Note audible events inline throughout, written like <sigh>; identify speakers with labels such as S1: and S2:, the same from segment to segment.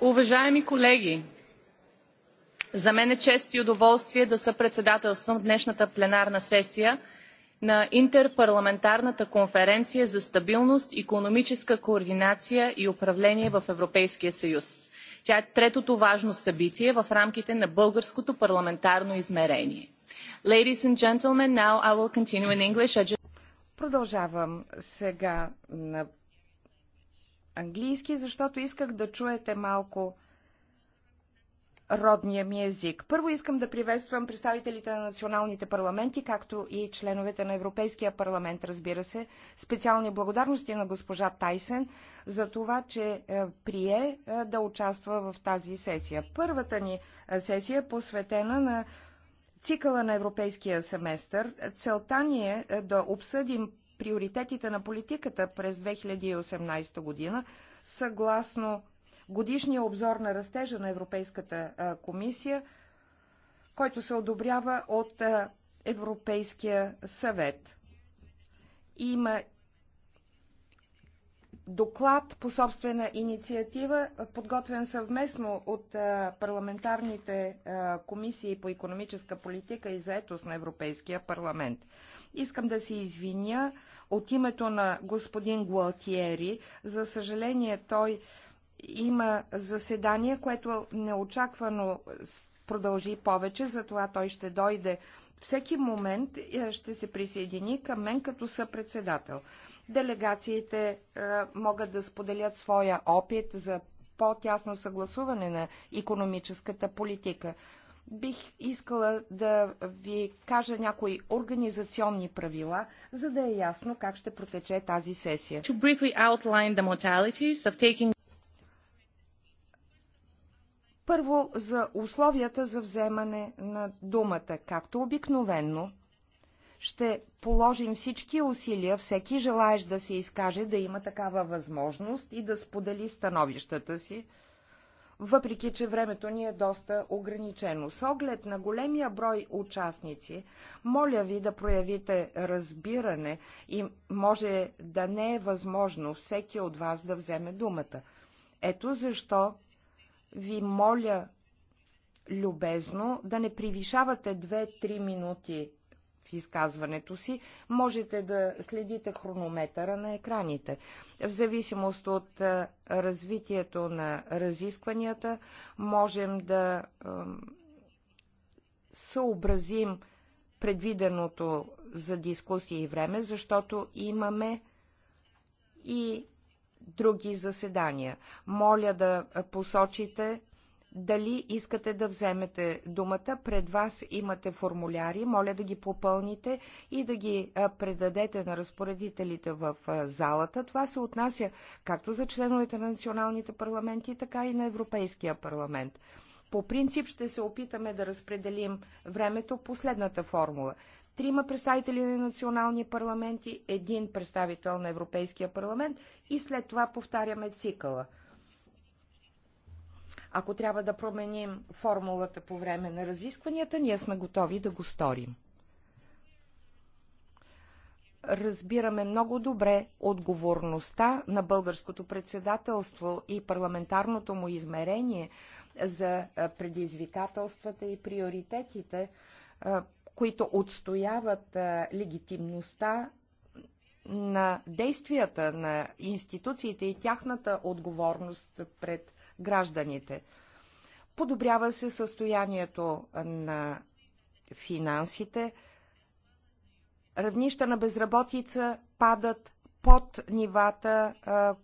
S1: Уважаеми колеги, за мен е чест и удоволствие да съпредседателствам днешната пленарна сесия на Интерпарламентарната конференция за стабилност, економическа координация и управление в Европейския съюз. Тя е третото важно събитие в рамките на българското парламентарно измерение. Ladies and gentlemen, now I will continue in English. Продължавам сега на английски, защото исках да чуете малко родния ми език. Първо искам да приветствам представителите на националните парламенти, както и членовете на Европейския парламент, разбира се. Специални благодарности на госпожа Тайсен за това, че е, прие е, да участва в тази сесия. Първата ни е, сесия е посветена на цикъла на европейския семестър. Целта ни е да обсъдим приоритетите на политиката през 2018 година, съгласно годишния обзор на растежа на Европейската комисия, който се одобрява от Европейския съвет. Има доклад по собствена инициатива, подготвен съвместно от парламентарните комисии по економическа политика и заетост на Европейския парламент. Искам да се извиня от името на господин Гуалтиери. За съжаление, той има заседание, което неочаквано продължи повече, затова той ще дойде всеки момент и е, ще се присъедини към мен като съпредседател. Делегациите е, могат да споделят своя опит за по-тясно съгласуване на економическата политика бих искала да ви кажа някои организационни правила, за да е ясно как ще протече тази сесия. Taking... Първо за условията за вземане на думата, както обикновенно. Ще положим всички усилия, всеки желаещ да се изкаже, да има такава възможност и да сподели становищата си въпреки че времето ни е доста ограничено. С оглед на големия брой участници, моля ви да проявите разбиране и може да не е възможно всеки от вас да вземе думата. Ето защо ви моля любезно да не превишавате 2-3 минути в изказването си, можете да следите хронометъра на екраните. В зависимост от развитието на разискванията, можем да съобразим предвиденото за дискусии и време, защото имаме и други заседания. Моля да посочите дали искате да вземете думата. Пред вас имате формуляри, моля да ги попълните и да ги предадете на разпоредителите в залата. Това се отнася както за членовете на националните парламенти, така и на Европейския парламент. По принцип ще се опитаме да разпределим времето последната формула. Трима представители на национални парламенти, един представител на Европейския парламент и след това повтаряме цикъла. Ако трябва да променим формулата по време на разискванията, ние сме готови да го сторим. Разбираме много добре отговорността на българското председателство и парламентарното му измерение за предизвикателствата и приоритетите, които отстояват легитимността на действията на институциите и тяхната отговорност пред гражданите. Подобрява се състоянието на финансите. Равнища на безработица падат под нивата,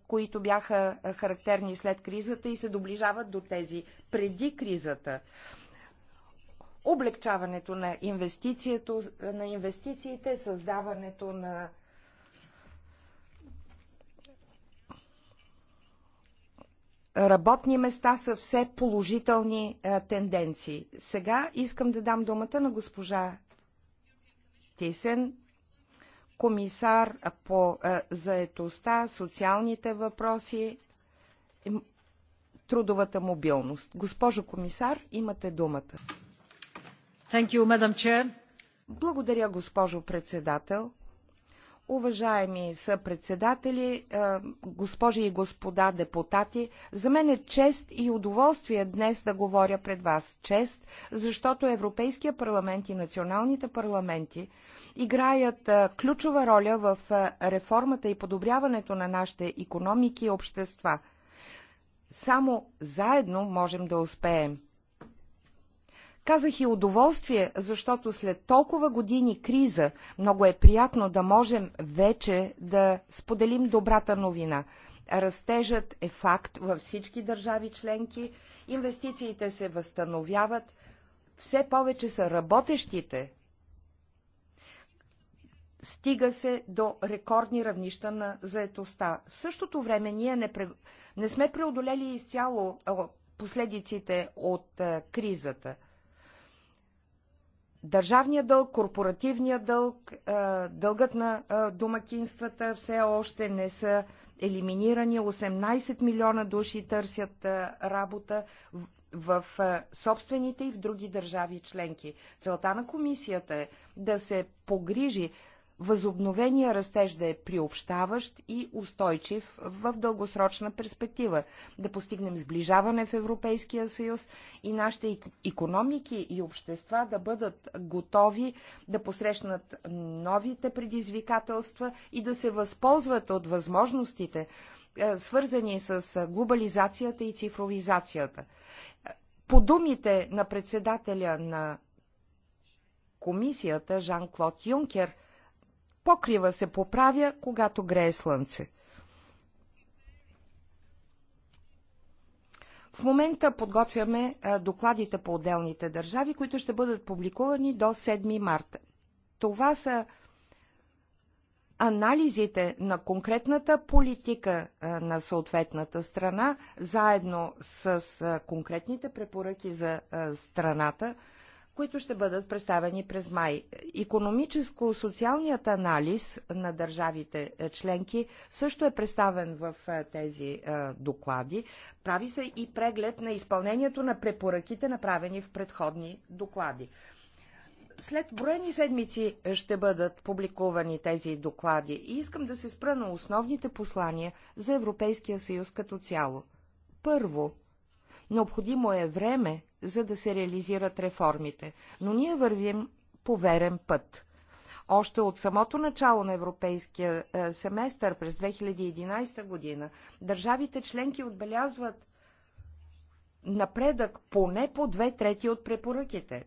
S1: които бяха характерни след кризата и се доближават до тези преди кризата. Облегчаването на, на инвестициите, създаването на работни места са все положителни а, тенденции. Сега искам да дам думата на госпожа Тисен, комисар по а, заетостта, социалните въпроси, трудовата мобилност. Госпожо комисар, имате думата. Thank you, Madam Chair. Благодаря, госпожо председател уважаеми съпредседатели, е, госпожи и господа депутати, за мен е чест и удоволствие днес да говоря пред вас. Чест, защото Европейския парламент и националните парламенти играят е, ключова роля в е, реформата и подобряването на нашите економики и общества. Само заедно можем да успеем – Казах и удоволствие, защото след толкова години криза много е приятно да можем вече да споделим добрата новина. Растежът е факт във всички държави членки, инвестициите се възстановяват, все повече са работещите. Стига се до рекордни равнища на заетостта. В същото време ние не, пре... не сме преодолели изцяло последиците от кризата – Държавният дълг, корпоративният дълг, е, дългът на е, домакинствата все още не са елиминирани. 18 милиона души търсят е, работа в собствените и в други държави членки. Целта на комисията е да се погрижи възобновения растеж да е приобщаващ и устойчив в дългосрочна перспектива, да постигнем сближаване в Европейския съюз и нашите економики и общества да бъдат готови да посрещнат новите предизвикателства и да се възползват от възможностите, е, свързани с е, глобализацията и цифровизацията. Е, по думите на председателя на комисията Жан-Клод Юнкер – покрива се поправя, когато грее слънце. В момента подготвяме докладите по отделните държави, които ще бъдат публикувани до 7 марта. Това са анализите на конкретната политика на съответната страна, заедно с конкретните препоръки за страната, които ще бъдат представени през май. Економическо-социалният анализ на държавите е, членки също е представен в е, тези е, доклади. Прави се и преглед на изпълнението на препоръките, направени в предходни доклади. След броени седмици ще бъдат публикувани тези доклади и искам да се спра на основните послания за Европейския съюз като цяло. Първо, Необходимо е време, за да се реализират реформите, но ние вървим по верен път. Още от самото начало на европейския е, семестър през 2011 година държавите членки отбелязват напредък поне по две трети от препоръките.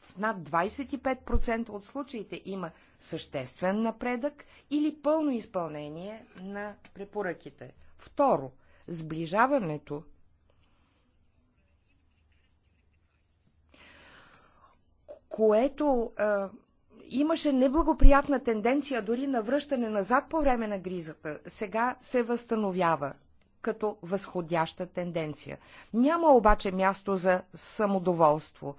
S1: В над 25% от случаите има съществен напредък или пълно изпълнение на препоръките. Второ, сближаването което а, имаше неблагоприятна тенденция дори на връщане назад по време на гризата, сега се възстановява като възходяща тенденция. Няма обаче място за самодоволство.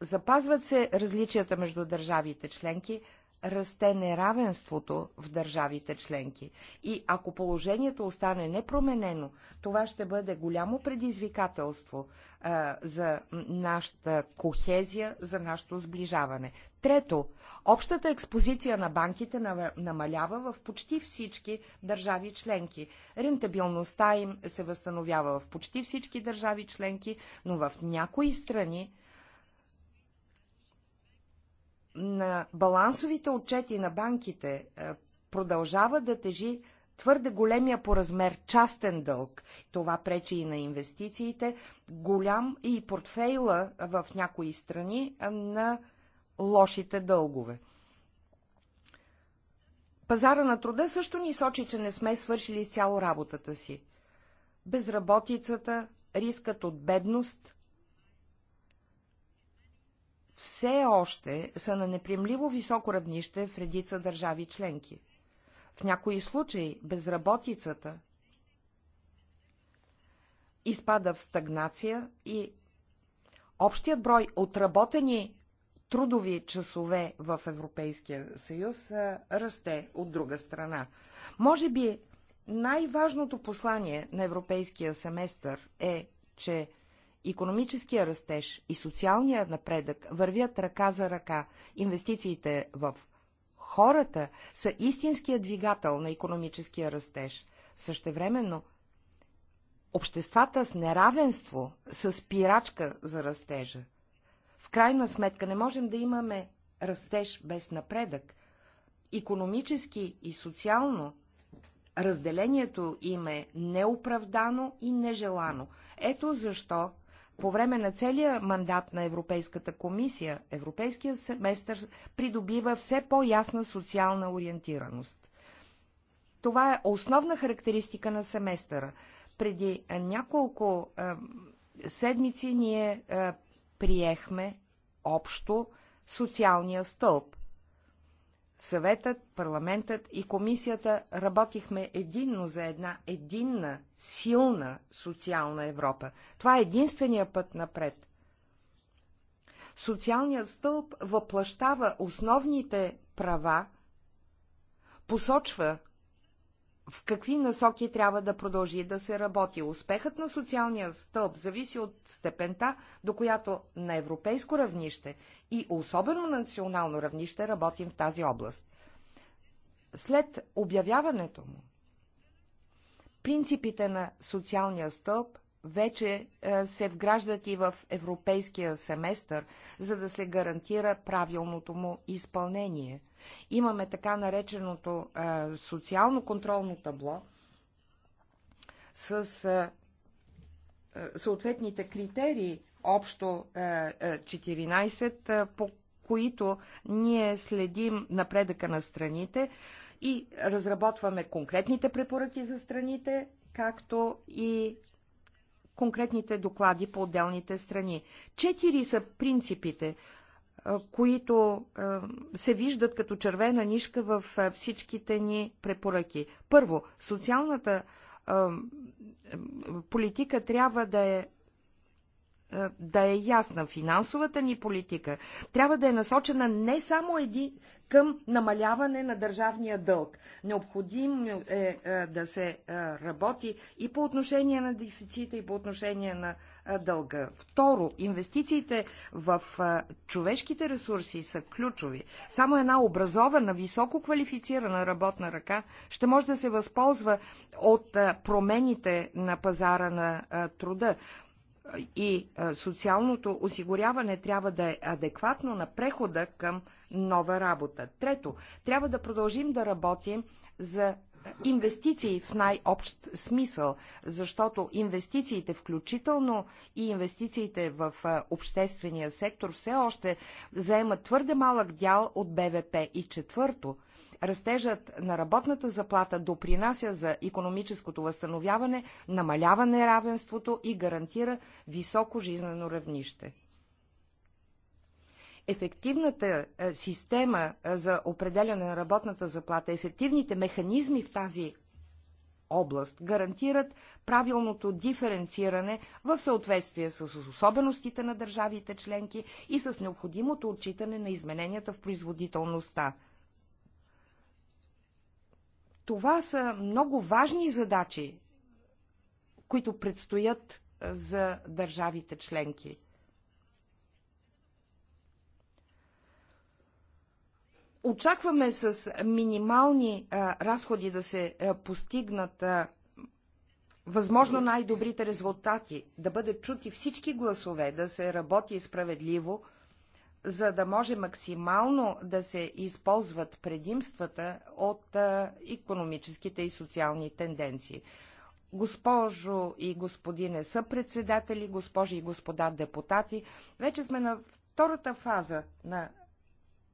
S1: Запазват се различията между държавите членки, расте неравенството в държавите членки. И ако положението остане непроменено, това ще бъде голямо предизвикателство а, за нашата кохезия, за нашето сближаване. Трето, общата експозиция на банките намалява в почти всички държави членки. Рентабилността им се възстановява в почти всички държави членки, но в някои страни на балансовите отчети на банките е, продължава да тежи твърде големия по размер частен дълг. Това пречи и на инвестициите, голям и портфейла в някои страни е, на лошите дългове. Пазара на труда също ни сочи, че не сме свършили цяло работата си. Безработицата, рискът от бедност все още са на неприемливо високо равнище в редица държави членки. В някои случаи безработицата изпада в стагнация и общият брой отработени трудови часове в Европейския съюз расте от друга страна. Може би най-важното послание на Европейския семестър е, че Икономическия растеж и социалния напредък вървят ръка за ръка. Инвестициите в хората са истинския двигател на економическия растеж. Същевременно, обществата с неравенство са спирачка за растежа. В крайна сметка не можем да имаме растеж без напредък. Економически и социално разделението им е неоправдано и нежелано. Ето защо по време на целия мандат на Европейската комисия, Европейския семестър придобива все по-ясна социална ориентираност. Това е основна характеристика на семестъра. Преди няколко е, седмици ние е, приехме общо социалния стълб. Съветът, парламентът и комисията работихме единно за една единна, силна социална Европа. Това е единствения път напред. Социалният стълб въплащава основните права, посочва в какви насоки трябва да продължи да се работи. Успехът на социалния стълб зависи от степента, до която на европейско равнище и особено на национално равнище работим в тази област. След обявяването му, принципите на социалния стълб вече е, се вграждат и в европейския семестър, за да се гарантира правилното му изпълнение – Имаме така нареченото социално контролно табло с съответните критерии, общо 14, по които ние следим напредъка на страните и разработваме конкретните препоръки за страните, както и конкретните доклади по отделните страни. Четири са принципите, които се виждат като червена нишка в всичките ни препоръки. Първо, социалната политика трябва да е е, да е ясна. Финансовата ни политика трябва да е насочена не само един, към намаляване на държавния дълг. Необходимо е, е да се е, работи и по отношение на дефицита, и по отношение на дълга. Второ, инвестициите в човешките ресурси са ключови. Само една образована, високо квалифицирана работна ръка ще може да се възползва от промените на пазара на труда и социалното осигуряване трябва да е адекватно на прехода към нова работа. Трето, трябва да продължим да работим за инвестиции в най-общ смисъл, защото инвестициите, включително и инвестициите в обществения сектор, все още заемат твърде малък дял от БВП. И четвърто, растежът на работната заплата допринася за економическото възстановяване, намалява неравенството и гарантира високо жизнено равнище ефективната е, система е, за определяне на работната заплата, ефективните механизми в тази област гарантират правилното диференциране в съответствие с особеностите на държавите членки и с необходимото отчитане на измененията в производителността. Това са много важни задачи, които предстоят е, за държавите членки – Очакваме с минимални а, разходи да се а, постигнат а, възможно най-добрите резултати, да бъдат чути всички гласове, да се работи справедливо, за да може максимално да се използват предимствата от а, економическите и социални тенденции. Госпожо и господине съпредседатели, госпожи и господа депутати, вече сме на втората фаза на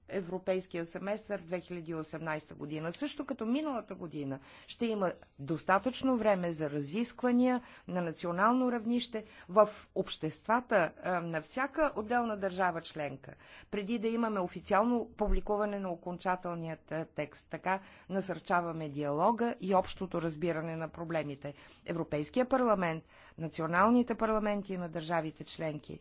S1: европейския семестър 2018 година. Също като миналата година ще има достатъчно време за разисквания на национално равнище в обществата е, на всяка отделна държава членка, преди да имаме официално публикуване на окончателният е, текст. Така насърчаваме диалога и общото разбиране на проблемите. Европейския парламент националните парламенти на държавите членки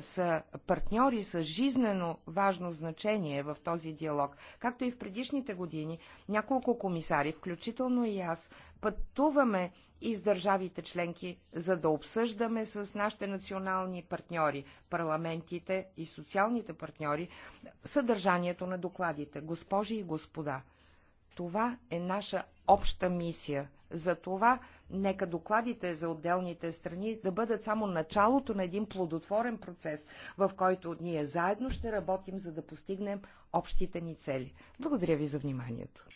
S1: са партньори с жизнено важно значение в този диалог. Както и в предишните години, няколко комисари, включително и аз, пътуваме и с държавите членки, за да обсъждаме с нашите национални партньори, парламентите и социалните партньори, съдържанието на докладите. Госпожи и господа, това е наша обща мисия. За това Нека докладите за отделните страни да бъдат само началото на един плодотворен процес, в който ние заедно ще работим, за да постигнем общите ни цели. Благодаря ви за вниманието.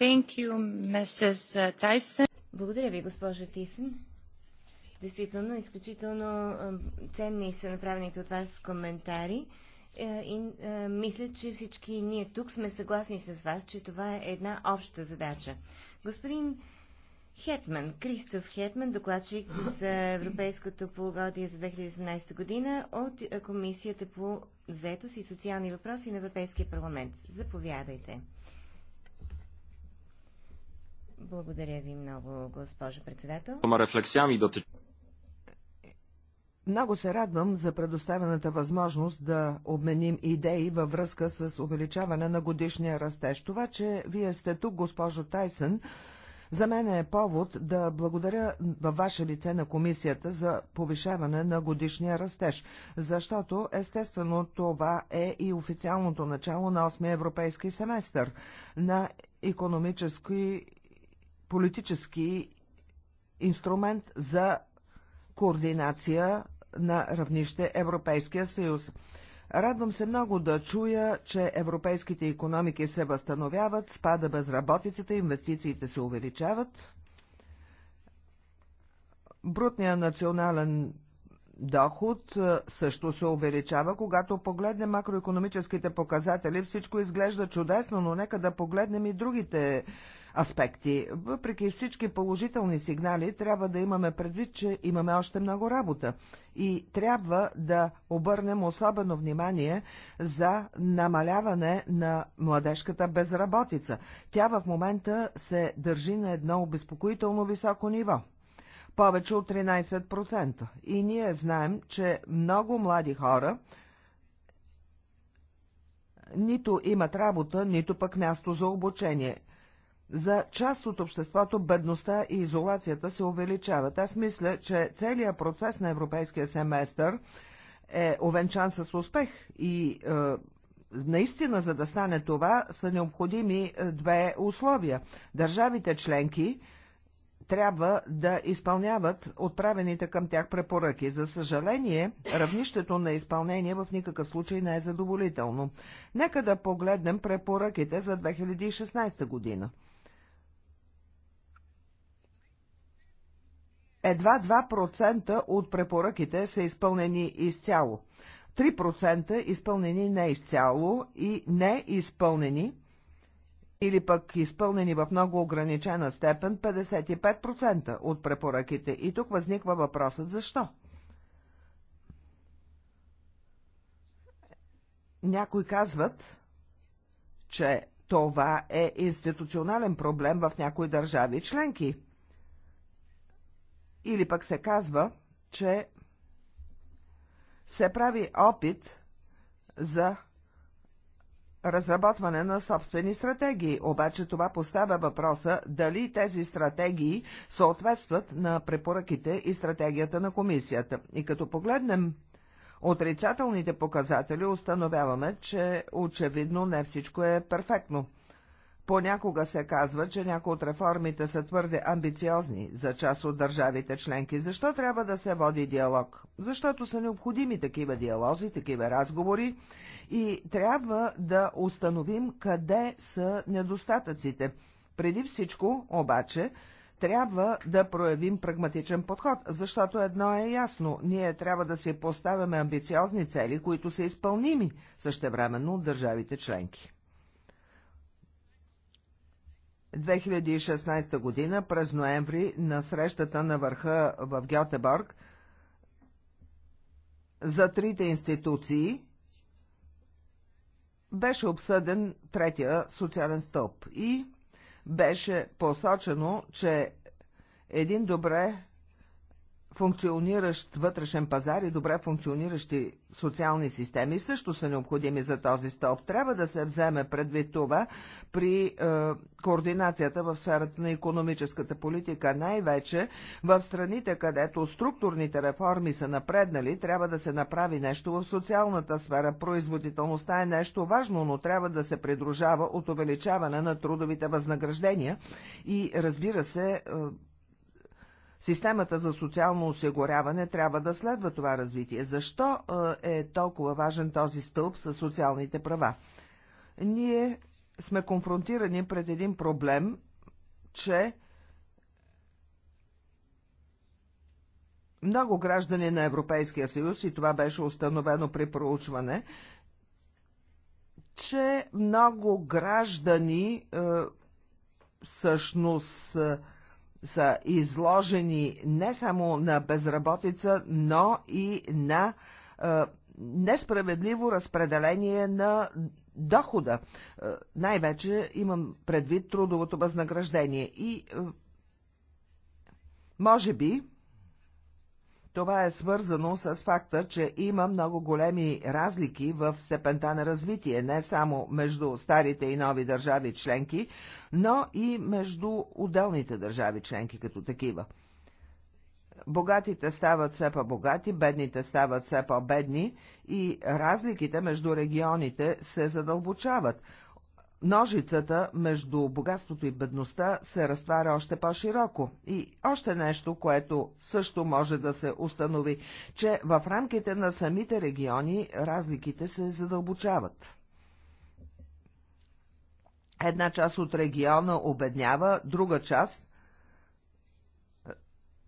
S2: Thank you, Mrs. Tyson. Благодаря ви, госпожа Тисен. Действително, изключително ценни са направените от вас коментари. Е, и е, мисля, че всички ние тук сме съгласни с вас, че това е една обща задача. Господин Хетман, Кристоф Хетман, докладчик за Европейското полугодие за 2018 година от е, Комисията по заетост и социални въпроси на Европейския парламент. Заповядайте. Благодаря ви много, госпожо председател.
S3: Много се радвам за предоставената възможност да обменим идеи във връзка с увеличаване на годишния растеж. Това, че вие сте тук, госпожо Тайсън, за мен е повод да благодаря във ваше лице на комисията за повишаване на годишния растеж, защото естествено това е и официалното начало на 8 европейски семестър на економически, политически инструмент за координация на равнище Европейския съюз. Радвам се много да чуя, че европейските економики се възстановяват, спада безработицата, инвестициите се увеличават. Брутният национален доход е, също се увеличава. Когато погледнем макроекономическите показатели, всичко изглежда чудесно, но нека да погледнем и другите е, аспекти. Въпреки всички положителни сигнали, трябва да имаме предвид, че имаме още много работа и трябва да обърнем особено внимание за намаляване на младежката безработица. Тя в момента се държи на едно обезпокоително високо ниво повече от 13%. И ние знаем, че много млади хора нито имат работа, нито пък място за обучение – за част от обществото бедността и изолацията се увеличават. Аз мисля, че целият процес на европейския семестър е овенчан с успех и е, наистина, за да стане това, са необходими е, две условия. Държавите членки трябва да изпълняват отправените към тях препоръки. За съжаление, равнището на изпълнение в никакъв случай не е задоволително. Нека да погледнем препоръките за 2016 година. едва 2% от препоръките са изпълнени изцяло. 3% изпълнени не изцяло и не изпълнени или пък изпълнени в много ограничена степен 55% от препоръките. И тук възниква въпросът защо. Някои казват, че това е институционален проблем в някои държави членки – или пък се казва, че се прави опит за разработване на собствени стратегии. Обаче това поставя въпроса дали тези стратегии съответстват на препоръките и стратегията на комисията. И като погледнем отрицателните показатели, установяваме, че очевидно не всичко е перфектно. Понякога се казва, че някои от реформите са твърде амбициозни за част от държавите членки. Защо трябва да се води диалог? Защото са необходими такива диалози, такива разговори и трябва да установим къде са недостатъците. Преди всичко, обаче, трябва да проявим прагматичен подход, защото едно е ясно – ние трябва да си поставяме амбициозни цели, които са изпълними същевременно от държавите членки. 2016 година през ноември на срещата на върха в Гьотеборг за трите институции беше обсъден третия социален стълб и беше посочено, че един добре функциониращ вътрешен пазар и добре функциониращи социални системи също са необходими за този стълб. Трябва да се вземе предвид това при е, координацията в сферата на економическата политика. Най-вече в страните, където структурните реформи са напреднали, трябва да се направи нещо в социалната сфера. Производителността е нещо важно, но трябва да се придружава от увеличаване на трудовите възнаграждения и разбира се, е, Системата за социално осигуряване трябва да следва това развитие. Защо е толкова важен този стълб с социалните права? Ние сме конфронтирани пред един проблем, че много граждани на Европейския съюз, и това беше установено при проучване, че много граждани е, всъщност е, са изложени не само на безработица, но и на е, несправедливо разпределение на дохода. Е, най-вече имам предвид трудовото възнаграждение. И е, може би това е свързано с факта, че има много големи разлики в степента на развитие, не само между старите и нови държави членки, но и между отделните държави членки като такива. Богатите стават все по-богати, бедните стават все по-бедни и разликите между регионите се задълбочават ножицата между богатството и бедността се разтваря още по-широко. И още нещо, което също може да се установи, че в рамките на самите региони разликите се задълбочават. Една част от региона обеднява, друга част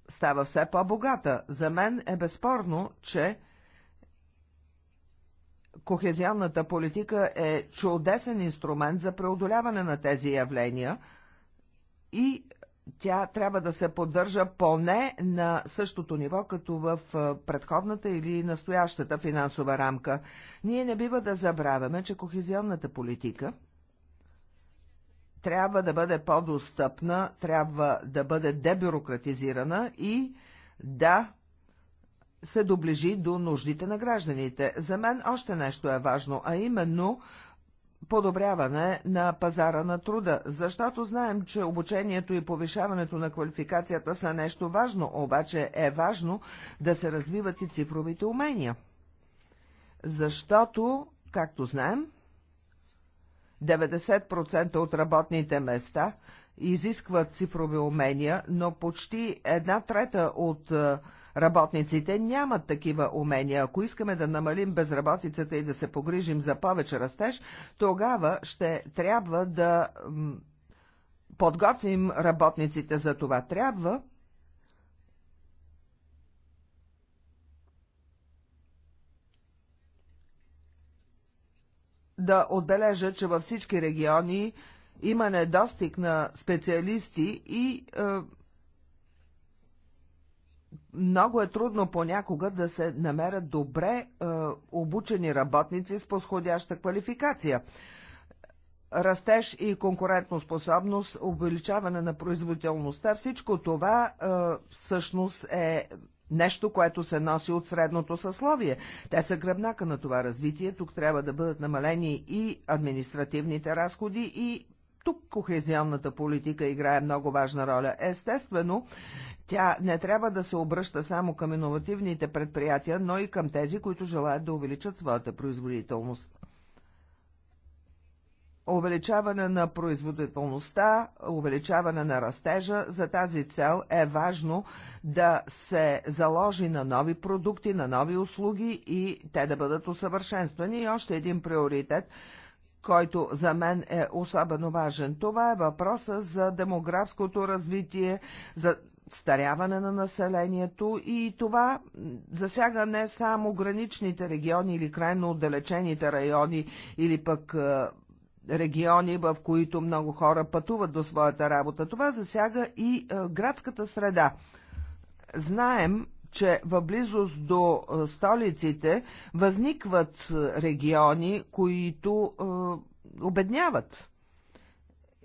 S3: става все по-богата. За мен е безспорно, че кохезионната политика е чудесен инструмент за преодоляване на тези явления и тя трябва да се поддържа поне на същото ниво, като в предходната или настоящата финансова рамка. Ние не бива да забравяме, че кохезионната политика трябва да бъде по-достъпна, трябва да бъде дебюрократизирана и да се доближи до нуждите на гражданите. За мен още нещо е важно, а именно подобряване на пазара на труда, защото знаем, че обучението и повишаването на квалификацията са нещо важно, обаче е важно да се развиват и цифровите умения. Защото, както знаем, 90% от работните места изискват цифрови умения, но почти една трета от е, Работниците нямат такива умения. Ако искаме да намалим безработицата и да се погрижим за повече растеж, тогава ще трябва да подготвим работниците за това. Трябва да отбележа, че във всички региони има недостиг на специалисти и е, много е трудно понякога да се намерят добре е, обучени работници с подходяща квалификация. Растеж и способност, увеличаване на производителността, всичко това е, всъщност е Нещо, което се носи от средното съсловие. Те са гръбнака на това развитие. Тук трябва да бъдат намалени и административните разходи, и тук кохезионната политика играе много важна роля. Естествено, тя не трябва да се обръща само към иновативните предприятия, но и към тези, които желаят да увеличат своята производителност. Увеличаване на производителността, увеличаване на растежа, за тази цел е важно да се заложи на нови продукти, на нови услуги и те да бъдат усъвършенствани. И още един приоритет – който за мен е особено важен. Това е въпроса за демографското развитие, за старяване на населението и това засяга не само граничните региони или крайно отдалечените райони или пък е, региони, в които много хора пътуват до своята работа. Това засяга и е, градската среда. Знаем, че в близост до столиците възникват региони, които обедняват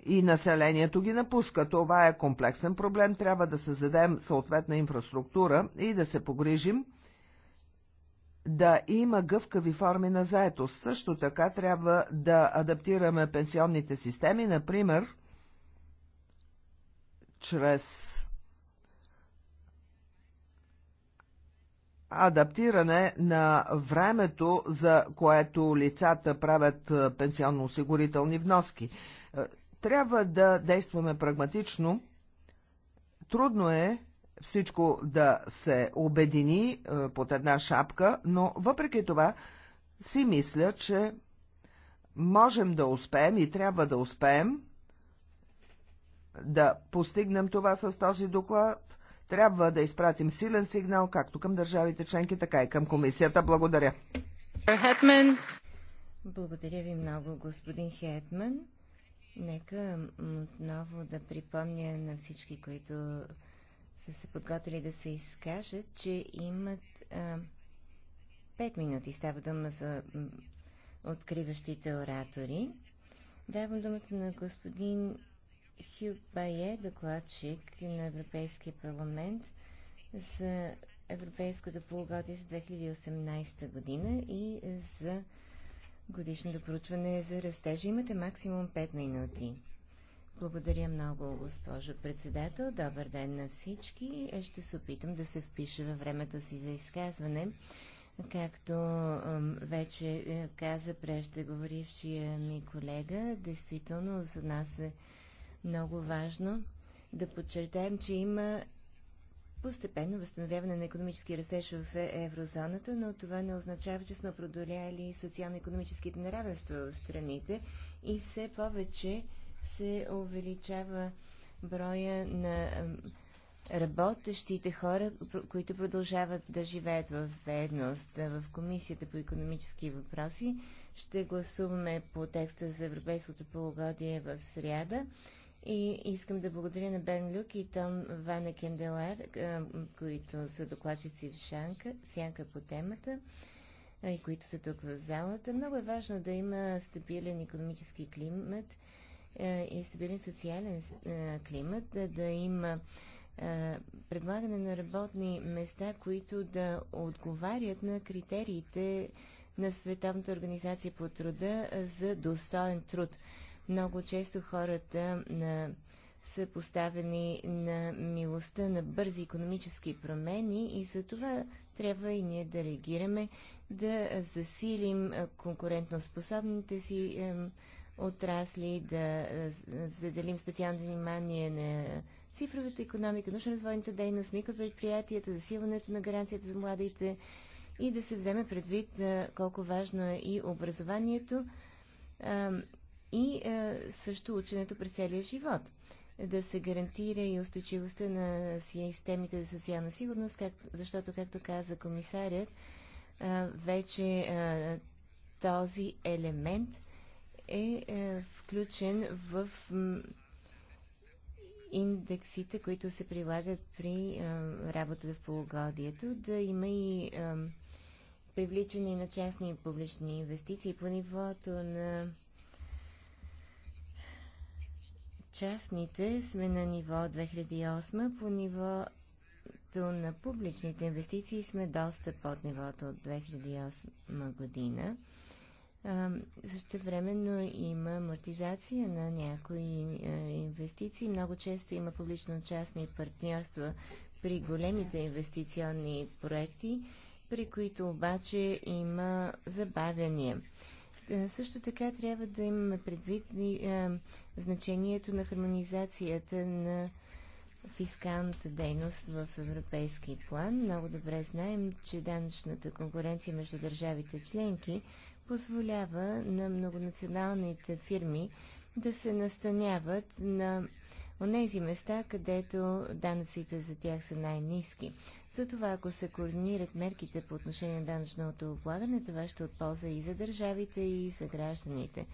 S3: и населението ги напуска. Това е комплексен проблем. Трябва да създадем съответна инфраструктура и да се погрижим да има гъвкави форми на заетост. Също така трябва да адаптираме пенсионните системи, например, чрез адаптиране на времето, за което лицата правят пенсионно-осигурителни вноски. Е, трябва да действаме прагматично. Трудно е всичко да се обедини е, под една шапка, но въпреки това си мисля, че можем да успеем и трябва да успеем да постигнем това с този доклад – трябва да изпратим силен сигнал както към държавите членки, така и към комисията. Благодаря.
S2: Благодаря ви много, господин Хетман. Нека отново да припомня на всички, които са се подготвили да се изкажат, че имат а, 5 минути. Става дума за откриващите оратори. Давам думата на господин Хю Бае, докладчик на Европейския парламент за Европейското полугодие за 2018 година и за годишното проучване за растежа. Имате максимум 5 минути. Благодаря много, госпожо председател. Добър ден на всички. Е, ще се опитам да се впиша във времето си за изказване. Както вече е, каза преждеговорившия ми колега, действително за нас е много важно да подчертаем, че има постепенно възстановяване на економически растеж в еврозоната, но това не означава, че сме продоляли социално-економическите неравенства в страните и все повече се увеличава броя на работещите хора, които продължават да живеят в бедност. В Комисията по економически въпроси ще гласуваме по текста за европейското полугодие в сряда. И искам да благодаря на Берн Люк и Том Вана Кенделар, които са докладчици в Шанка, сянка по темата и които са тук в залата. Много е важно да има стабилен економически климат и стабилен социален климат, да, да има предлагане на работни места, които да отговарят на критериите на Световната организация по труда за достоен труд. Много често хората на, са поставени на милостта на бързи економически промени и за това трябва и ние да реагираме, да засилим конкурентоспособните си отрасли, да заделим специално внимание на цифровата економика, научно-развойната дейност, микропредприятията, засилването на гаранцията за младите и да се вземе предвид колко важно е и образованието и а, е, също ученето през целия живот. Да се гарантира и устойчивостта на системите за социална сигурност, как, защото, както каза комисарят, а, е, вече а, е, този елемент е, а, включен в индексите, които се прилагат при а, работата в полугодието, да има и а, привличане на частни и публични инвестиции по нивото на частните сме на ниво 2008, по нивото на публичните инвестиции сме доста под нивото от 2008 година. Също времено има амортизация на някои е, инвестиции. Много често има публично-частни партньорства при големите инвестиционни проекти, при които обаче има забавяния. Е, също така трябва да имаме предвид и а, е, значението на хармонизацията на фискалната дейност в европейски план. Много добре знаем, че данъчната конкуренция между държавите членки позволява на многонационалните фирми да се настаняват на онези места, където данъците за тях са най-низки. Затова, ако се координират мерките по отношение на данъчното облагане, това ще отполза и за държавите, и за гражданите.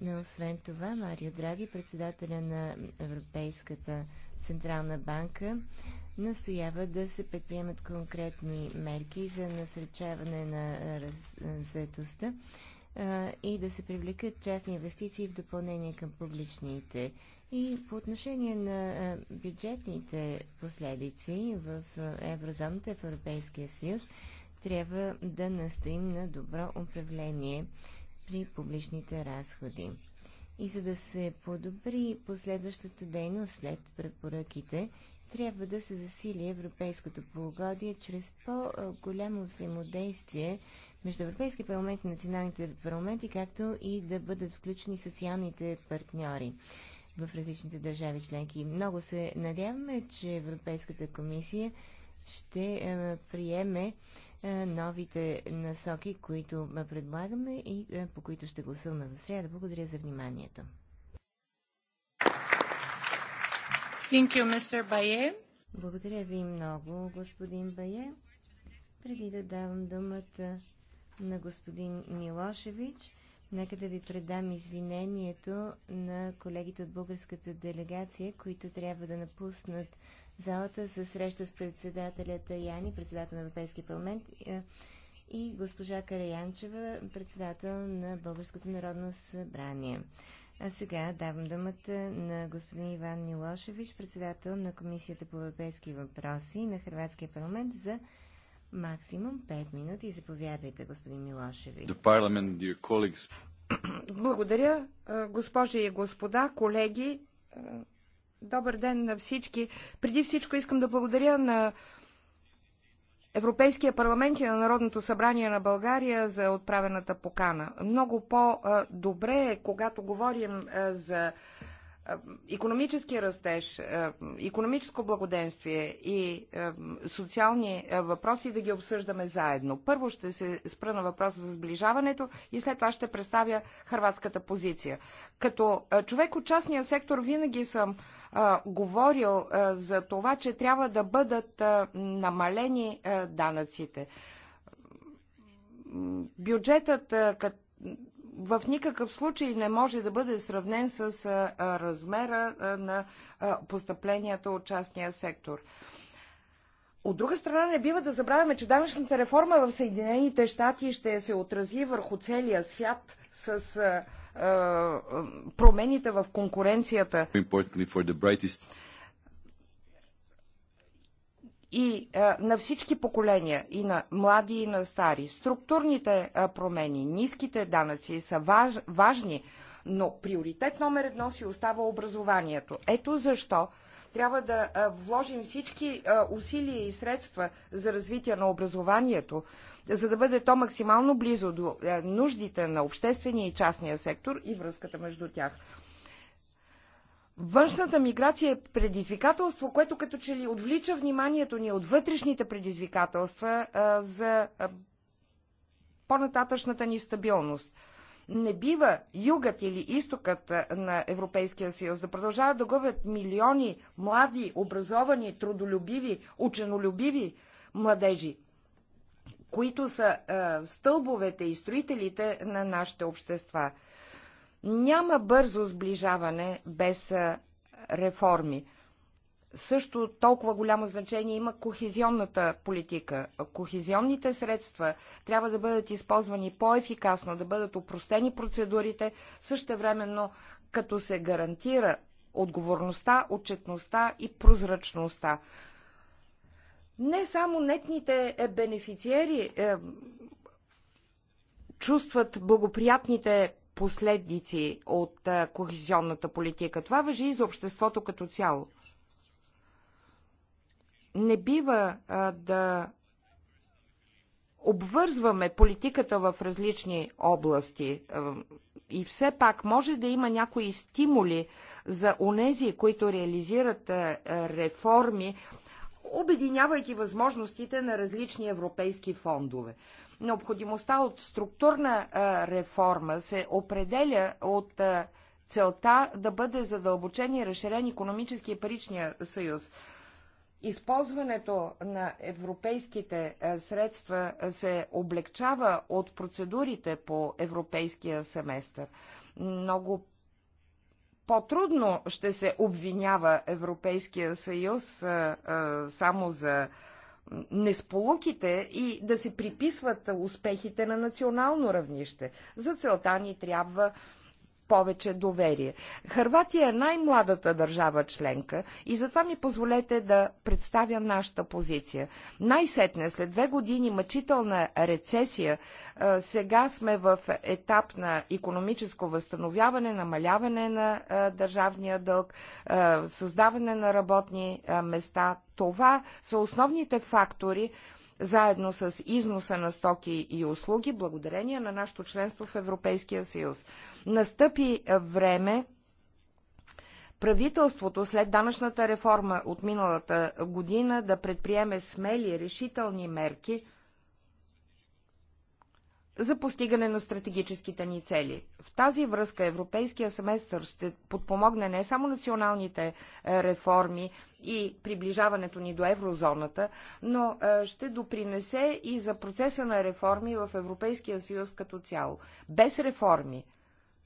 S2: Но освен това, Марио Драги, председателя на Европейската Централна банка, настоява да се предприемат конкретни мерки за насречаване на заетостта и да се привлекат частни инвестиции в допълнение към публичните и по отношение на бюджетните последици в еврозоната, в Европейския съюз, трябва да настоим на добро управление при публичните разходи. И за да се подобри последващата дейност след препоръките, трябва да се засили европейското полугодие чрез по-голямо взаимодействие между Европейски парламент и националните парламенти, както и да бъдат включени социалните партньори в различните държави членки. Много се надяваме, че Европейската комисия ще е, приеме е, новите насоки, които е, предлагаме и по които ще гласуваме в среда. Благодаря за вниманието.
S1: Thank you, Mr. Baye.
S2: Благодаря ви много, господин Бае. Преди да давам думата на господин Милошевич, Нека да ви предам извинението на колегите от българската делегация, които трябва да напуснат залата за среща с председателя Таяни, председател на Европейския парламент е, и госпожа Караянчева, председател на Българското народно събрание. А сега давам думата на господин Иван Милошевич, председател на Комисията по европейски въпроси на Хрватския парламент за максимум 5 минути. Заповядайте, господин Милошеви.
S1: <clears throat> Благодаря, госпожи и господа, колеги. Добър ден на всички. Преди всичко искам да благодаря на Европейския парламент и на Народното събрание на България за отправената покана. Много по-добре е, когато говорим за економически растеж, економическо благоденствие и социални въпроси да ги обсъждаме заедно. Първо ще се спра на въпроса за сближаването и след това ще представя хрватската позиция. Като човек от частния сектор винаги съм говорил за това, че трябва да бъдат намалени данъците. Бюджетът като в никакъв случай не може да бъде сравнен с размера на постъпленията от частния сектор. От друга страна, не бива да забравяме, че данъчната реформа в Съединените щати ще се отрази върху целия свят с промените в конкуренцията и а, е, на всички поколения, и на млади, и на стари. Структурните а, е, промени, ниските данъци са важ, важни, но приоритет номер едно си остава образованието. Ето защо трябва да а, е, вложим всички а, усилия и средства за развитие на образованието, за да бъде то максимално близо до а, нуждите на обществения и частния сектор и връзката между тях външната миграция е предизвикателство, което като че ли отвлича вниманието ни от вътрешните предизвикателства а, за по-нататъчната ни стабилност. Не бива югът или изтокът на Европейския съюз да продължават да губят милиони млади, образовани, трудолюбиви, ученолюбиви младежи, които са а, стълбовете и строителите на нашите общества – няма бързо сближаване без реформи. Също толкова голямо значение има кохезионната политика. Кохезионните средства трябва да бъдат използвани по-ефикасно, да бъдат упростени процедурите, същевременно като се гарантира отговорността, отчетността и прозрачността. Не само нетните е, бенефициери е, чувстват благоприятните последици от кохезионната политика. Това въжи и за обществото като цяло. Не бива а, да обвързваме политиката в различни области и все пак може да има някои стимули за онези, които реализират реформи, обединявайки възможностите на различни европейски фондове необходимостта от структурна реформа се определя от целта да бъде задълбочен и разширен економически и паричния съюз. Използването на европейските средства се облегчава от процедурите по европейския семестър. Много по-трудно ще се обвинява Европейския съюз а, а, само за несполуките и да се приписват успехите на национално равнище. За целта ни трябва повече доверие. Харватия е най-младата държава членка и затова ми позволете да представя нашата позиция. Най-сетне, след две години мъчителна рецесия, сега сме в етап на економическо възстановяване, намаляване на държавния дълг, създаване на работни места. Това са основните фактори, заедно с износа на стоки и услуги, благодарение на нашето членство в Европейския съюз. Настъпи е, време правителството след данъчната реформа от миналата година да предприеме смели решителни мерки – за постигане на стратегическите ни цели. В тази връзка Европейския семестър ще подпомогне не само националните е, реформи и приближаването ни до еврозоната, но е, ще допринесе и за процеса на реформи в Европейския съюз като цяло. Без реформи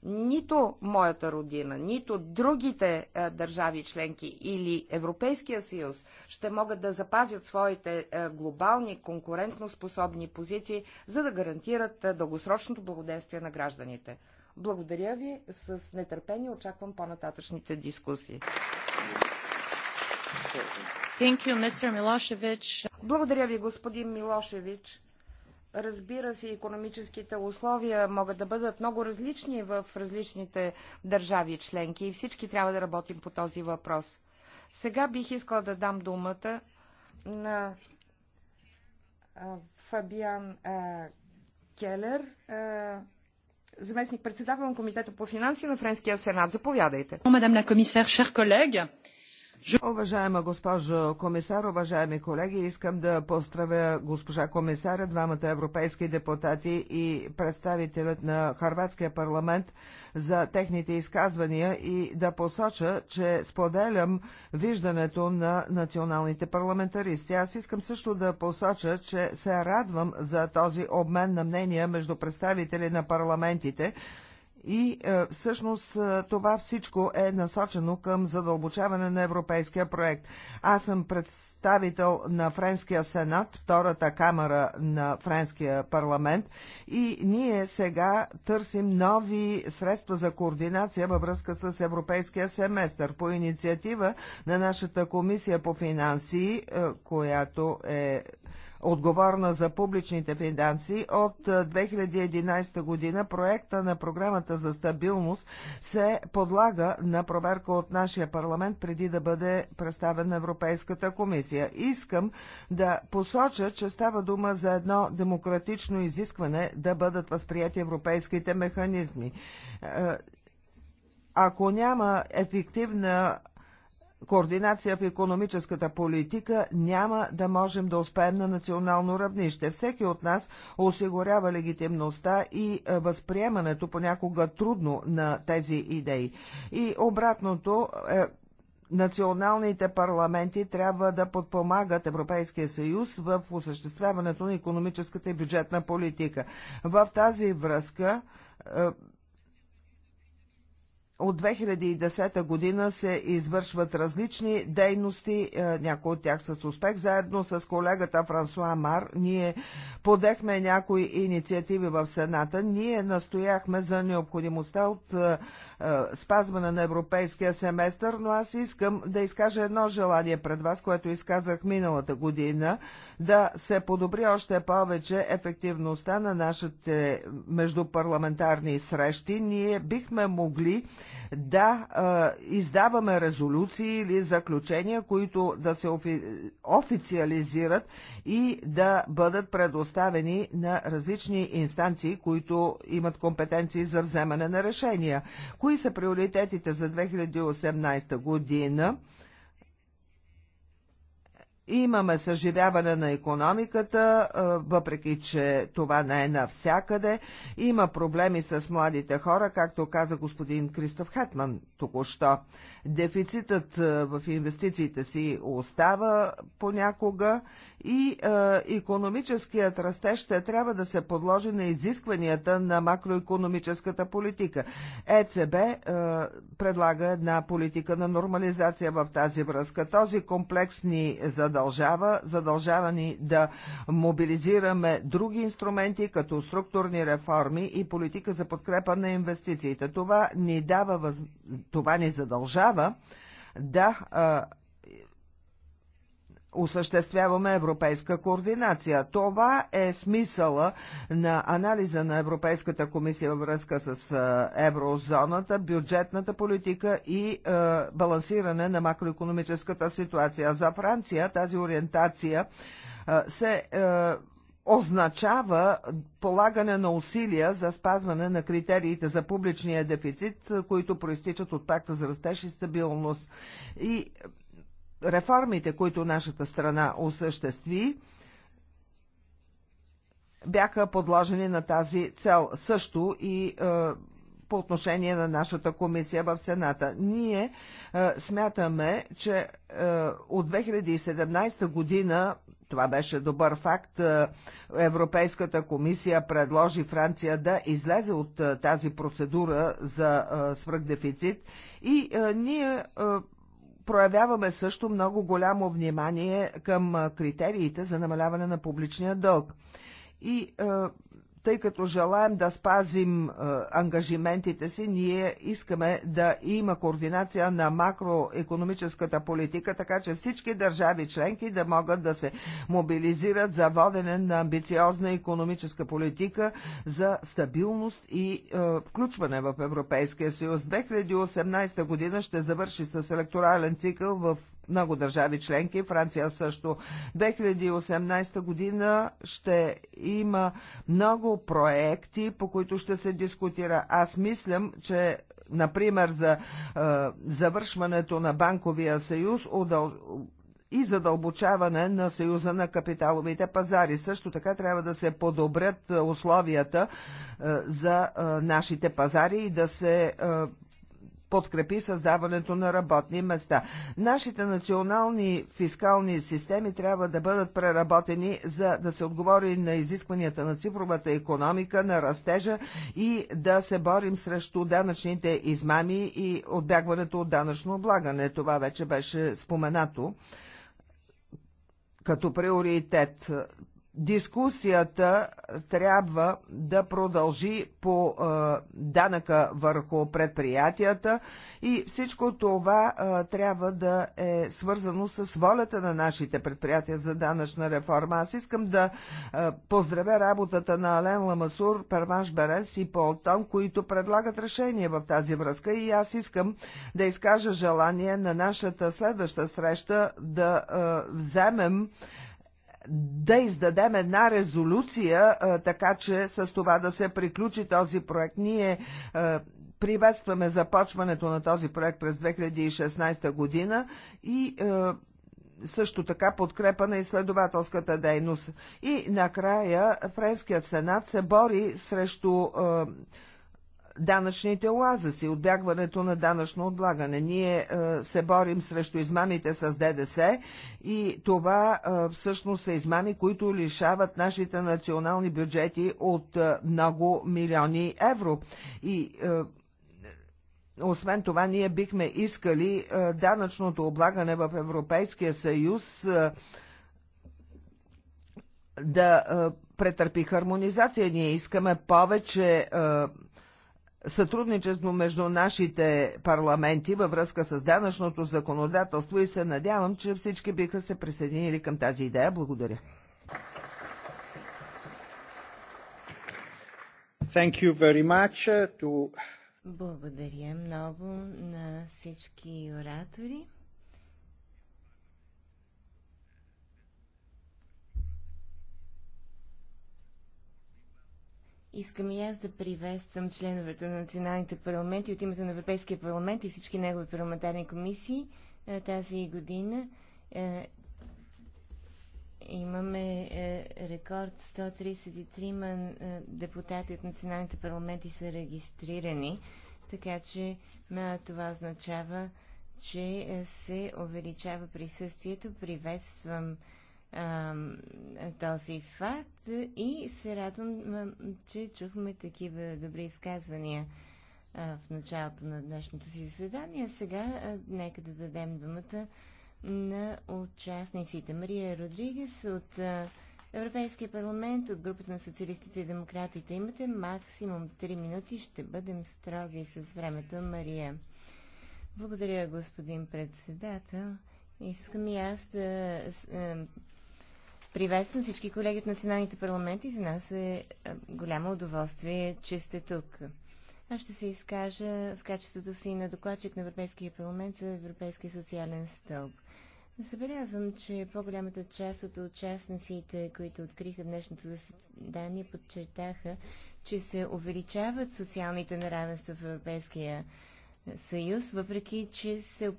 S1: нито моята родина, нито другите е, държави членки или Европейския съюз ще могат да запазят своите глобални е, глобални конкурентноспособни позиции, за да гарантират е, дългосрочното благоденствие на гражданите. Благодаря ви. С нетърпение очаквам по-нататъчните дискусии. You, Благодаря ви, господин Милошевич. Разбира се, економическите условия могат да бъдат много различни в различните държави членки и всички трябва да работим по този въпрос. Сега бих искала да дам думата на Фабиан Келер, заместник-председател на Комитета по финанси на Френския сенат. Заповядайте. Мадам ла комисар, шер колег,
S3: Уважаема госпожо комисар, уважаеми колеги, искам да поздравя госпожа комисаря, двамата европейски депутати и представителят на Харватския парламент за техните изказвания и да посоча, че споделям виждането на националните парламентаристи. Аз искам също да посоча, че се радвам за този обмен на мнения между представители на парламентите, и е, всъщност е, това всичко е насочено към задълбочаване на европейския проект. Аз съм представител на Френския сенат, втората камера на Френския парламент и ние сега търсим нови средства за координация във връзка с европейския семестър по инициатива на нашата комисия по финанси, е, която е отговорна за публичните финанси, от 2011 е, година проекта на програмата за стабилност се подлага на проверка от нашия парламент преди да бъде представен на Европейската комисия. Искам да посоча, че става дума за едно демократично изискване да бъдат възприяти европейските механизми. Е, ако няма ефективна координация в економическата политика няма да можем да успеем на национално равнище. Всеки от нас осигурява легитимността и е, възприемането понякога трудно на тези идеи. И обратното, е, националните парламенти трябва да подпомагат Европейския съюз в осъществяването на економическата и бюджетна политика. В тази връзка е, от 2010 година се извършват различни дейности, е, някои от тях с успех. Заедно с колегата Франсуа Мар ние подехме някои инициативи в Сената. Ние настояхме за необходимостта от е, е, спазване на европейския семестър, но аз искам да изкажа едно желание пред вас, което изказах миналата година, да се подобри още повече ефективността на нашите междупарламентарни срещи. Ние бихме могли да издаваме резолюции или заключения, които да се офи... официализират и да бъдат предоставени на различни инстанции, които имат компетенции за вземане на решения. Кои са приоритетите за 2018 година? Имаме съживяване на економиката, въпреки че това не е навсякъде. Има проблеми с младите хора, както каза господин Кристоф Хетман току-що. Дефицитът в инвестициите си остава понякога и а, е, економическият растеж ще трябва да се подложи на изискванията на макроекономическата политика. ЕЦБ а, е, предлага една политика на нормализация в тази връзка. Този комплекс ни задължава, задължава ни да мобилизираме други инструменти, като структурни реформи и политика за подкрепа на инвестициите. Това ни, дава, това ни задължава да е, осъществяваме европейска координация. Това е смисъла на анализа на Европейската комисия във връзка с е, еврозоната, бюджетната политика и е, балансиране на макроекономическата ситуация. За Франция тази ориентация е, се е, означава полагане на усилия за спазване на критериите за публичния дефицит, които проистичат от пакта за растеж и стабилност. И реформите, които нашата страна осъществи, бяха подложени на тази цел също и е, по отношение на нашата комисия в Сената. Ние е, смятаме, че е, от 2017 година това беше добър факт. Е, Европейската комисия предложи Франция да излезе от е, тази процедура за е, свръхдефицит и ние проявяваме също много голямо внимание към критериите за намаляване на публичния дълг. И тъй като желаем да спазим е, ангажиментите си, ние искаме да има координация на макроекономическата политика, така че всички държави членки да могат да се мобилизират за водене на амбициозна економическа политика за стабилност и е, включване в Европейския съюз. 2018 година ще завърши с електорален цикъл в много държави членки, Франция също. 2018 година ще има много проекти, по които ще се дискутира. Аз мислям, че например за е, завършването на банковия съюз, удъл и задълбочаване на Съюза на капиталовите пазари. Също така трябва да се подобрят е, условията е, за е, нашите пазари и да се подкрепи създаването на работни места. Нашите национални фискални системи трябва да бъдат преработени, за да се отговори на изискванията на цифровата економика, на растежа и да се борим срещу данъчните измами и отбягването от данъчно облагане. Това вече беше споменато като приоритет. Дискусията трябва да продължи по е, данъка върху предприятията и всичко това е, трябва да е свързано с волята на нашите предприятия за данъчна реформа. Аз искам да е, поздравя работата на Ален Ламасур, Перванш Берес и Полтон, които предлагат решение в тази връзка и аз искам да изкажа желание на нашата следваща среща да вземем да издадем една резолюция, така че с това да се приключи този проект. Ние приветстваме започването на този проект през 2016 година и също така подкрепа на изследователската дейност. И накрая Френският сенат се бори срещу данъчните оазаси, отбягването на данъчно облагане. Ние е, се борим срещу измамите с ДДС и това е, всъщност са измами, които лишават нашите национални бюджети от е, много милиони евро. И освен това, ние бихме искали данъчното облагане в Европейския съюз да претърпи хармонизация. Ние искаме повече сътрудничество между нашите парламенти във връзка с данъчното законодателство и се надявам, че всички биха се присъединили към тази идея. Благодаря. Thank you very much uh,
S1: to...
S2: Благодаря много на всички оратори. Искам и аз да приветствам членовете на националните парламенти от името на Европейския парламент и всички негови парламентарни комисии е, тази година. Е, имаме е, рекорд 133 депутати от националните парламенти са регистрирани, така че това означава, че се увеличава присъствието. Приветствам този факт и се радвам, че чухме такива добри изказвания в началото на днешното си заседание. Сега нека да дадем думата на участниците. Мария Родригес от Европейския парламент, от групата на социалистите и демократите. Имате максимум 3 минути. Ще бъдем строги с времето, Мария. Благодаря, господин председател. Искам и аз да приветствам всички колеги от националните парламенти. За нас е, е голямо удоволствие, че сте тук. Аз ще се изкажа в качеството си на докладчик на Европейския парламент за Европейския социален стълб. Забелязвам, че по-голямата част от участниците, които откриха днешното заседание, подчертаха, че се увеличават социалните неравенства в Европейския съюз, въпреки че се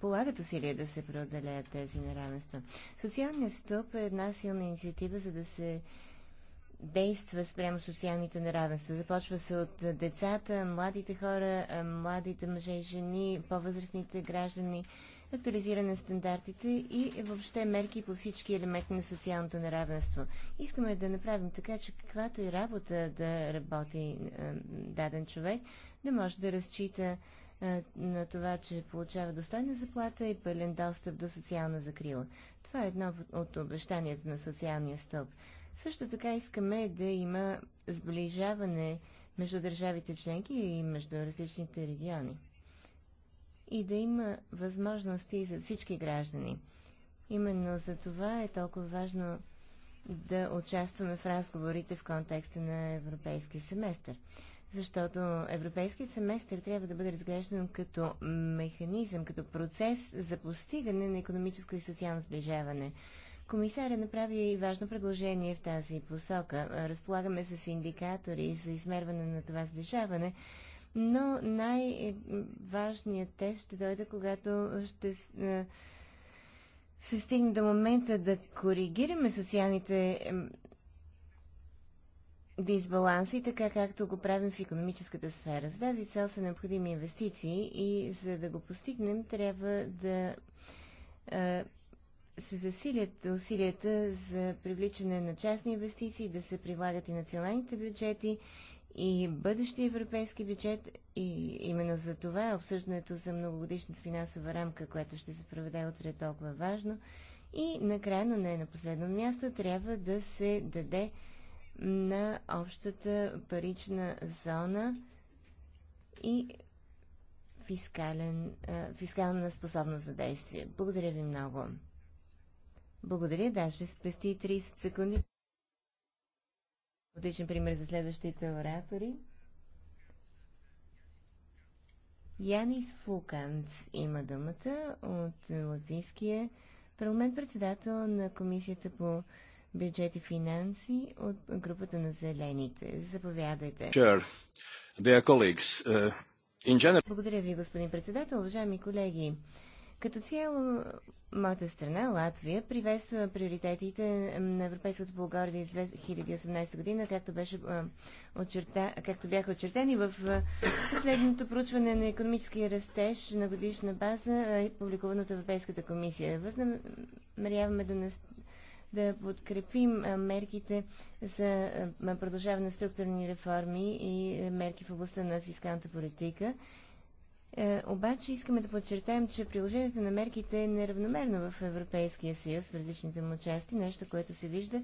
S2: полагат усилия да се преодолеят тези неравенства. Социалният стълб е една силна инициатива, за да се действа спрямо социалните неравенства. Започва се от децата, младите хора, младите мъже и жени, по-възрастните граждани, актуализиране на стандартите и въобще мерки по всички елементи на социалното неравенство. Искаме да направим така, че каквато и работа да работи е, даден човек, да може да разчита е, на това, че получава достойна заплата и пълен достъп до социална закрила. Това е едно от обещанията на социалния стълб. Също така искаме да има сближаване между държавите членки и между различните региони и да има възможности за всички граждани. Именно за това е толкова важно да участваме в разговорите в контекста на европейския семестър. Защото европейският семестър трябва да бъде разглеждан като механизъм, като процес за постигане на економическо и социално сближаване. Комисаря направи и важно предложение в тази посока. Разполагаме с индикатори за измерване на това сближаване но най-важният тест ще дойде, когато ще е, се стигне до момента да коригираме социалните дисбаланси, така както го правим в економическата сфера. За тази цел са необходими инвестиции и за да го постигнем трябва да е, се засилят усилията за привличане на частни инвестиции, да се прилагат и националните бюджети и бъдещия европейски бюджет и именно за това обсъждането за многогодишната финансова рамка, която ще се проведе утре е толкова важно. И накрая, но не на последно място, трябва да се даде на общата парична зона и фискален, фискална способност за действие. Благодаря ви много. Благодаря, даже спести 30 секунди. Отличен пример за следващите оратори. Янис Фуканц има думата от Латвийския парламент, председател на Комисията по бюджет и финанси от групата на зелените. Заповядайте. Sure. Dear colleagues, uh, in general... Благодаря ви, господин председател. Уважаеми колеги, като цяло, моята страна, Латвия, приветства приоритетите на Европейското България за 2018 година, както, беше, очерта, както бяха очертени в последното проучване на економическия растеж на годишна база, публикувано от Европейската комисия. Възнамеряваме да, нас, да подкрепим мерките за продължаване на структурни реформи и мерки в областта на фискалната политика е, обаче искаме да подчертаем, че приложението на мерките е неравномерно в Европейския съюз в различните му части, нещо, което се вижда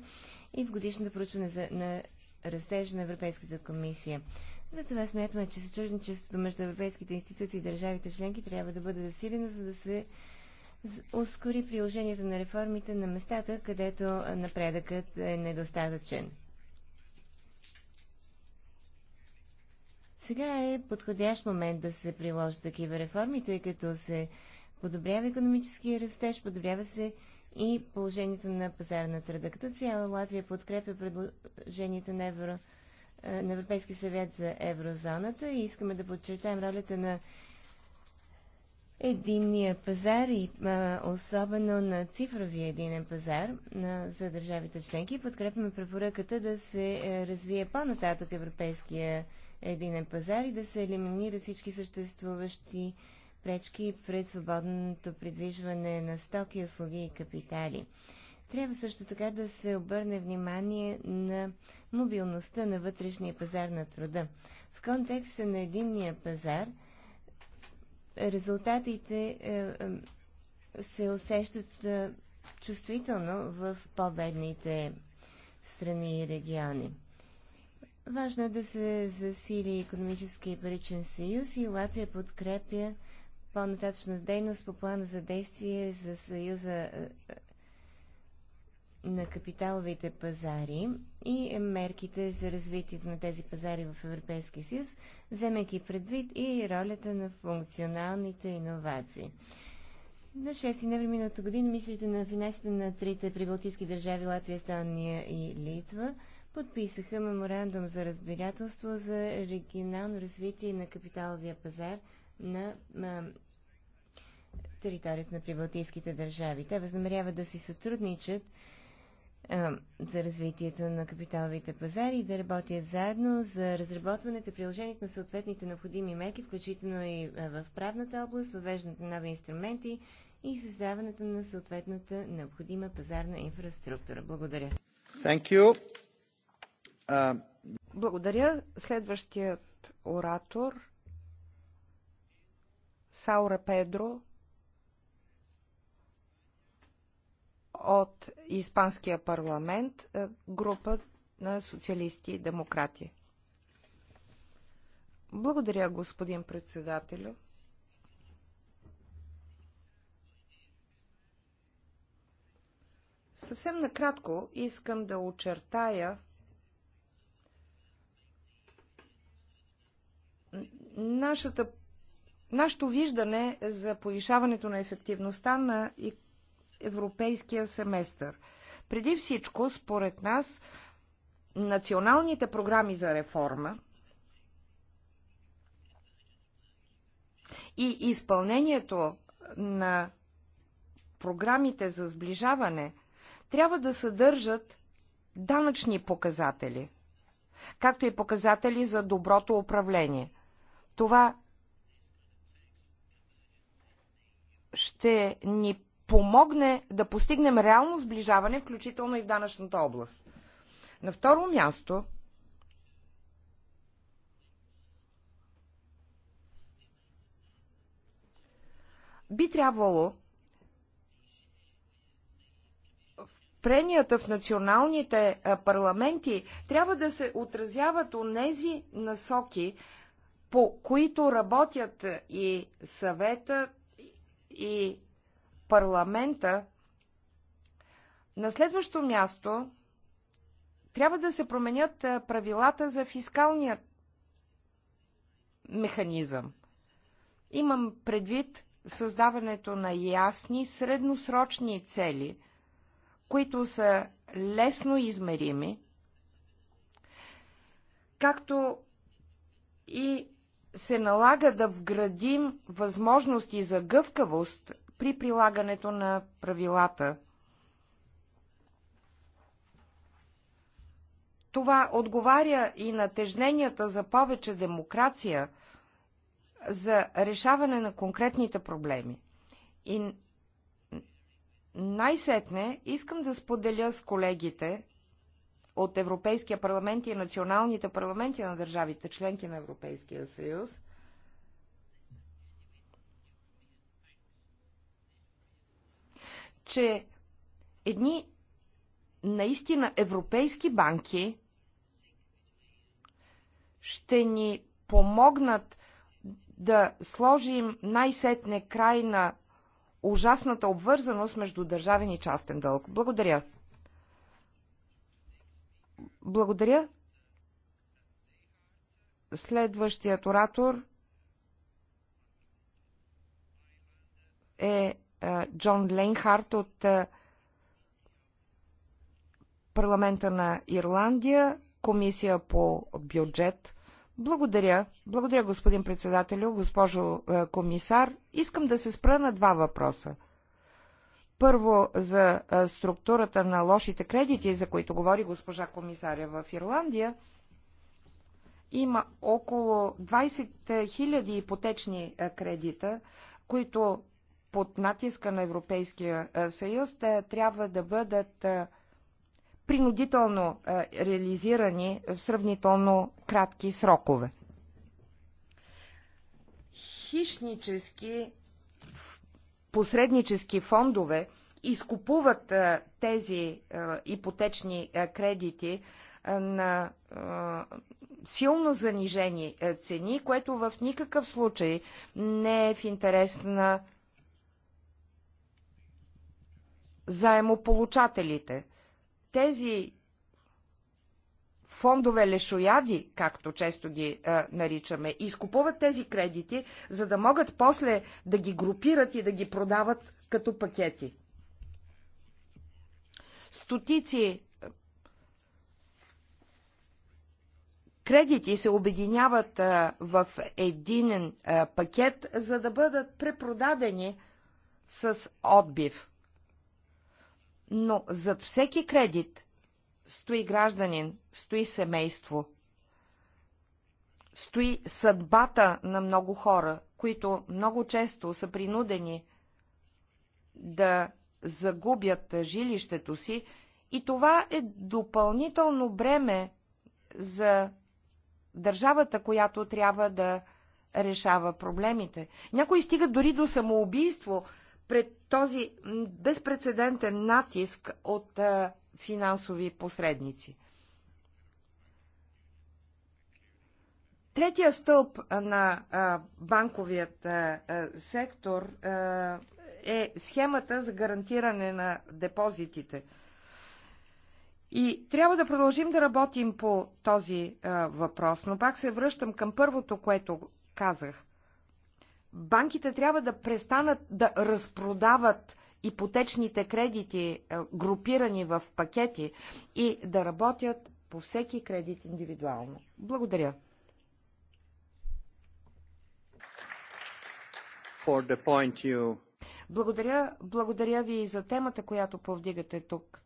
S2: и в годишното проучване за, на растежа на Европейската комисия. Затова смятаме, че съчужничеството между европейските институции и държавите членки трябва да бъде засилено, за да се ускори приложението на реформите на местата, където напредъкът е недостатъчен. Сега е подходящ момент да се приложат такива реформи, тъй като се подобрява економическия растеж, подобрява се и положението на пазара на труда. Като цяло Латвия подкрепя предложението на, Евро, е, на Европейски съвет за еврозоната и искаме да подчертаем ролята на единния пазар и а, особено на цифровия единен пазар на, за държавите членки. Подкрепяме препоръката да се е, развие по-нататък европейския единен пазар и да се елиминира всички съществуващи пречки пред свободното придвижване на стоки, услуги и капитали. Трябва също така да се обърне внимание на мобилността на вътрешния пазар на труда. В контекста на единния пазар резултатите е, е, се усещат е, чувствително в по-бедните страни и региони. Важно е да се засили економически и паричен съюз и Латвия подкрепя по-нататъчна дейност по плана за действие за съюза е, е, на капиталовите пазари и мерките за развитието на тези пазари в Европейския съюз, вземайки предвид и ролята на функционалните иновации. На 6 ноември миналата година мислите на финансите на трите прибалтийски държави Латвия, Естония и Литва – подписаха меморандум за разбирателство за регионално развитие на капиталовия пазар на, на територията на прибалтийските държави. Те възнамеряват да си сътрудничат за развитието на капиталовите пазари и да работят заедно за разработването и приложението на съответните необходими мерки, включително и в правната област, въвеждането на нови инструменти и създаването на съответната необходима пазарна инфраструктура. Благодаря. Thank
S1: you. Благодаря. Следващият оратор Саура Педро от Испанския парламент, е, група на социалисти и демократи. Благодаря, господин председателю. Съвсем накратко искам да очертая нашата, нашето виждане за повишаването на ефективността на европейския семестър. Преди всичко, според нас, националните програми за реформа и изпълнението на програмите за сближаване трябва да съдържат данъчни показатели, както и показатели за доброто управление. Това ще ни помогне да постигнем реално сближаване, включително и в данъчната област. На второ място, би трябвало пренията в националните парламенти трябва да се отразяват онези насоки, по които работят е, и съвета, и парламента. На следващо място трябва да се променят е, правилата за фискалния механизъм. Имам предвид създаването на ясни средносрочни цели, които са лесно измерими, както и се налага да вградим възможности за гъвкавост при прилагането на правилата. Това отговаря и на тежненията за повече демокрация, за решаване на конкретните проблеми. И най-сетне искам да споделя с колегите от Европейския парламент и националните парламенти на държавите, членки на Европейския съюз, че едни наистина европейски банки ще ни помогнат да сложим най-сетне край на ужасната обвързаност между държавен и частен дълг. Благодаря. Благодаря. Следващият оратор е Джон Лейнхарт от парламента на Ирландия, комисия по бюджет. Благодаря. Благодаря, господин председателю, госпожо комисар. Искам да се спра на два въпроса – първо за структурата на лошите кредити, за които говори госпожа комисаря в Ирландия. Има около 20 000 ипотечни кредита, които под натиска на Европейския съюз трябва да бъдат принудително реализирани в сравнително кратки срокове. Хищнически посреднически фондове изкупуват тези ипотечни кредити на силно занижени цени, което в никакъв случай не е в интерес на заемополучателите. Тези фондове лешояди, както често ги а, е, наричаме, изкупуват тези кредити, за да могат после да ги групират и да ги продават като пакети. Стотици е, кредити се обединяват а, е, в един а, пакет, за да бъдат препродадени с отбив. Но зад всеки кредит – стои гражданин, стои семейство, стои съдбата на много хора, които много често са принудени да загубят жилището си и това е допълнително бреме за държавата, която трябва да решава проблемите. Някои стигат дори до самоубийство пред този безпредседентен натиск от а, финансови посредници. Третия стълб на банковият сектор е схемата за гарантиране на депозитите. И трябва да продължим да работим по този въпрос, но пак се връщам към първото, което казах. Банките трябва да престанат да разпродават ипотечните кредити, е, групирани в пакети и да работят по всеки кредит индивидуално. Благодаря. For the point you... Благодаря, благодаря ви и за темата, която повдигате тук.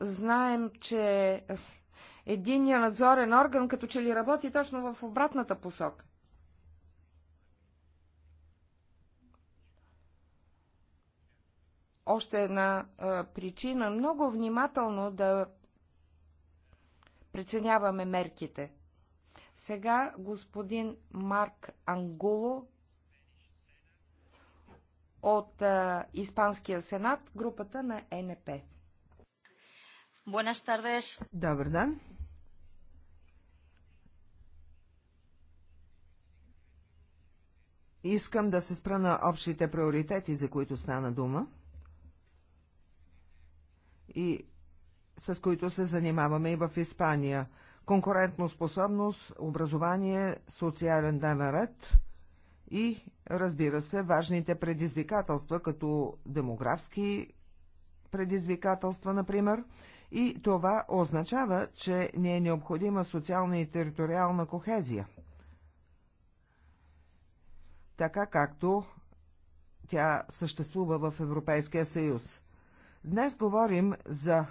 S1: Знаем, че единия надзорен орган като че ли работи точно в обратната посока. още една причина много внимателно да преценяваме мерките. Сега господин Марк Ангуло от а, Испанския сенат, групата на НП. Buenas tardes.
S3: Добър ден. Искам да се спра на общите приоритети, за които стана дума и с които се занимаваме и в Испания. Конкурентно способност, образование, социален дневен ред и, разбира се, важните предизвикателства, като демографски предизвикателства, например, и това означава, че ни е необходима социална и териториална кохезия. Така както тя съществува в Европейския съюз. Днес говорим за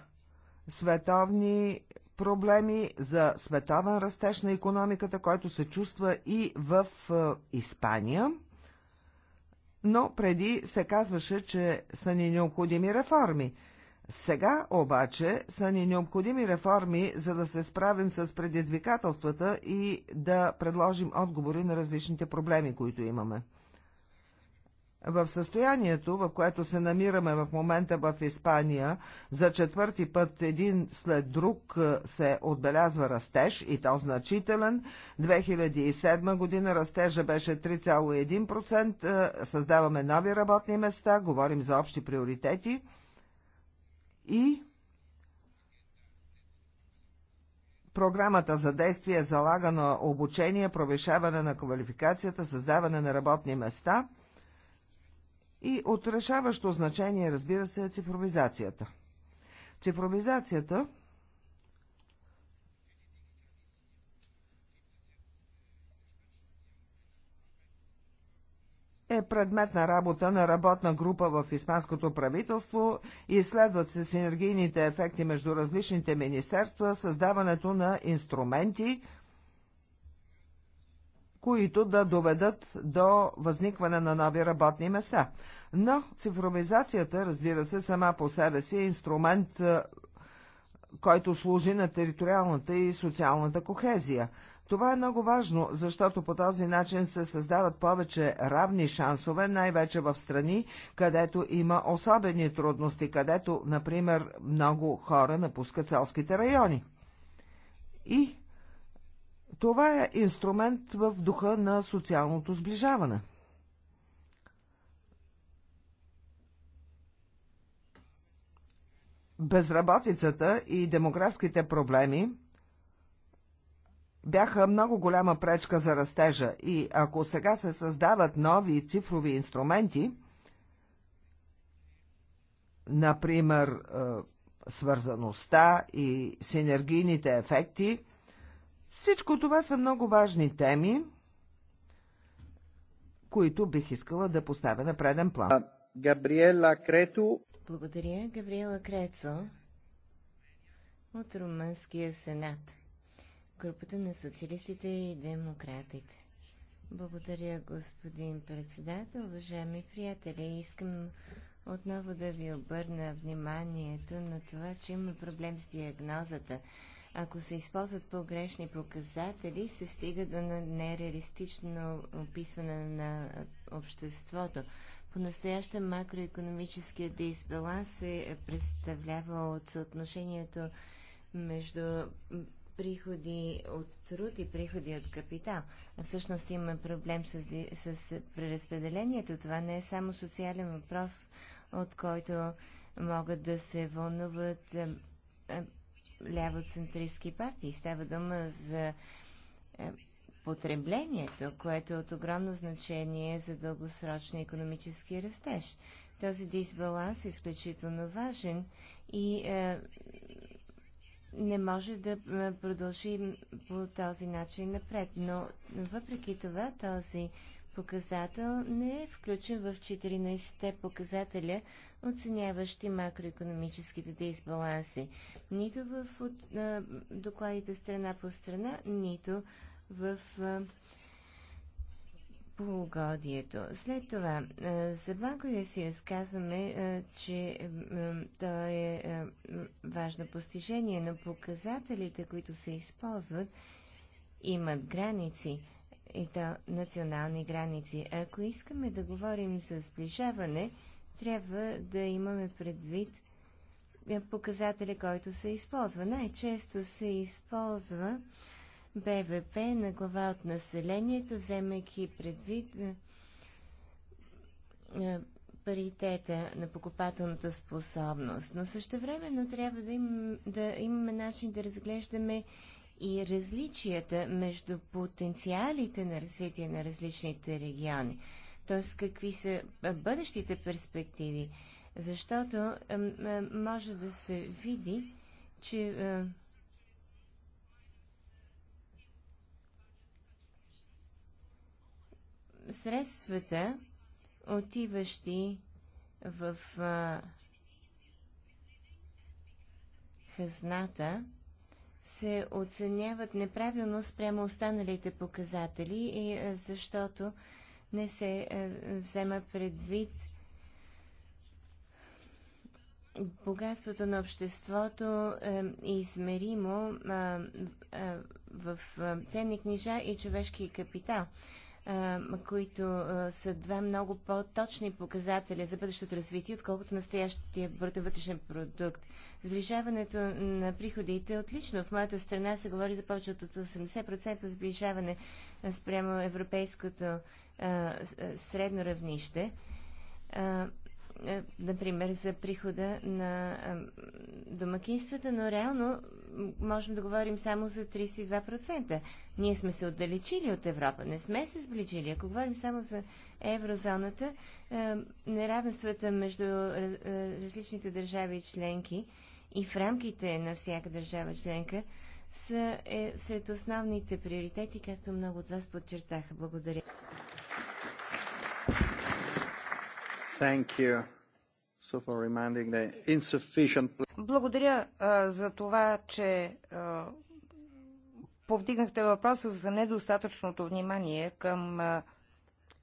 S3: световни проблеми, за световен растеж на економиката, който се чувства и в е, Испания. Но преди се казваше, че са ни необходими реформи. Сега обаче са ни необходими реформи, за да се справим с предизвикателствата и да предложим отговори на различните проблеми, които имаме в състоянието, в което се намираме в момента в Испания, за четвърти път един след друг е, се отбелязва растеж и то значителен. 2007 година растежа беше 3,1%, е, създаваме нови работни места, говорим за общи приоритети и Програмата за действие е залага на обучение, провешаване на квалификацията, създаване на работни места – и от решаващо значение, разбира се, е цифровизацията. Цифровизацията е предмет на работа на работна група в Испанското правителство, и изследват се синергийните ефекти между различните министерства, създаването на инструменти – които да доведат до възникване на нови работни места. Но цифровизацията, разбира се, сама по себе си е инструмент, е, който служи на териториалната и социалната кохезия. Това е много важно, защото по този начин се създават повече равни шансове, най-вече в страни, където има особени трудности, където, например, много хора напускат селските райони. И това е инструмент в духа на социалното сближаване. Безработицата и демографските проблеми бяха много голяма пречка за растежа и ако сега се създават нови цифрови инструменти, например е, свързаността и синергийните ефекти, всичко това са много важни теми, които бих искала да поставя на преден план. Габриела Крето.
S2: Благодаря, Габриела Крецо от Румънския сенат. Групата на социалистите и демократите. Благодаря, господин председател. Уважаеми приятели, искам отново да ви обърна вниманието на това, че има проблем с диагнозата. Ако се използват погрешни показатели, се стига до нереалистично описване на обществото. По-настояща макроекономическия дисбаланс се представлява от съотношението между приходи от труд и приходи от капитал. Всъщност има проблем с, с преразпределението. Това не е само социален въпрос, от който могат да се вълнуват лявоцентристски партии. Става дума за е, потреблението, което е от огромно значение за дългосрочни економически растеж. Този дисбаланс е изключително важен и е, не може да е, продължи по този начин напред. Но въпреки това този показател не е включен в 14-те показателя, оценяващи макроекономическите дисбаланси, нито в от, а, докладите страна по страна, нито в а, полугодието. След това, а, за банковия съюз казваме, а, че то е а, важно постижение, но показателите, които се използват, имат граници – и то национални граници. Ако искаме да говорим за сближаване, трябва да имаме предвид е, показателя, който се използва. Най-често се използва БВП на глава от населението, вземайки предвид е, е, паритета на покупателната способност. Но също времено трябва да, им, да имаме начин да разглеждаме и различията между потенциалите на развитие на различните региони. Т.е. какви са бъдещите перспективи. Защото може да се види, че средствата, отиващи в хазната, се оценяват неправилно спрямо останалите показатели, е, защото не се е, взема предвид богатството на обществото е измеримо в е, ценни книжа и човешки капитал които са два много по-точни показатели за бъдещото развитие, отколкото настоящия брутен вътрешен продукт. Сближаването на приходите е отлично. В моята страна се говори за повече от 80% сближаване спрямо европейското средно равнище. Е, например, за прихода на е, домакинствата, но реално можем да говорим само за 32%. Ние сме се отдалечили от Европа, не сме се сближили. Ако говорим само за еврозоната, е, неравенствата между различните държави и членки и в рамките на всяка държава членка са е сред основните приоритети, както много от вас подчертаха. Благодаря.
S1: Благодаря за това, че повдигнахте въпроса за недостатъчното внимание към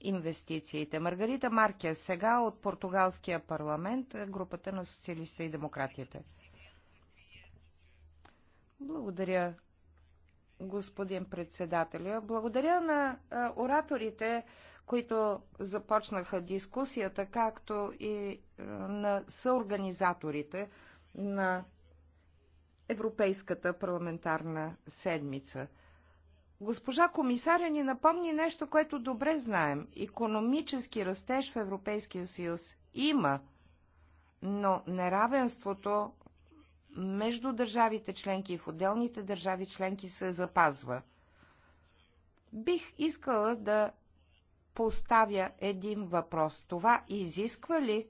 S1: инвестициите. Маргарита Маркия сега от португалския парламент, групата на социалистите и демократите. Благодаря, господин председателя. Благодаря на ораторите, които започнаха дискусията, както и е, на съорганизаторите на Европейската парламентарна седмица. Госпожа комисаря ни напомни нещо, което добре знаем. Економически растеж в Европейския съюз има, но неравенството между държавите членки и в отделните държави членки се запазва. Бих искала да поставя един въпрос. Това изисква ли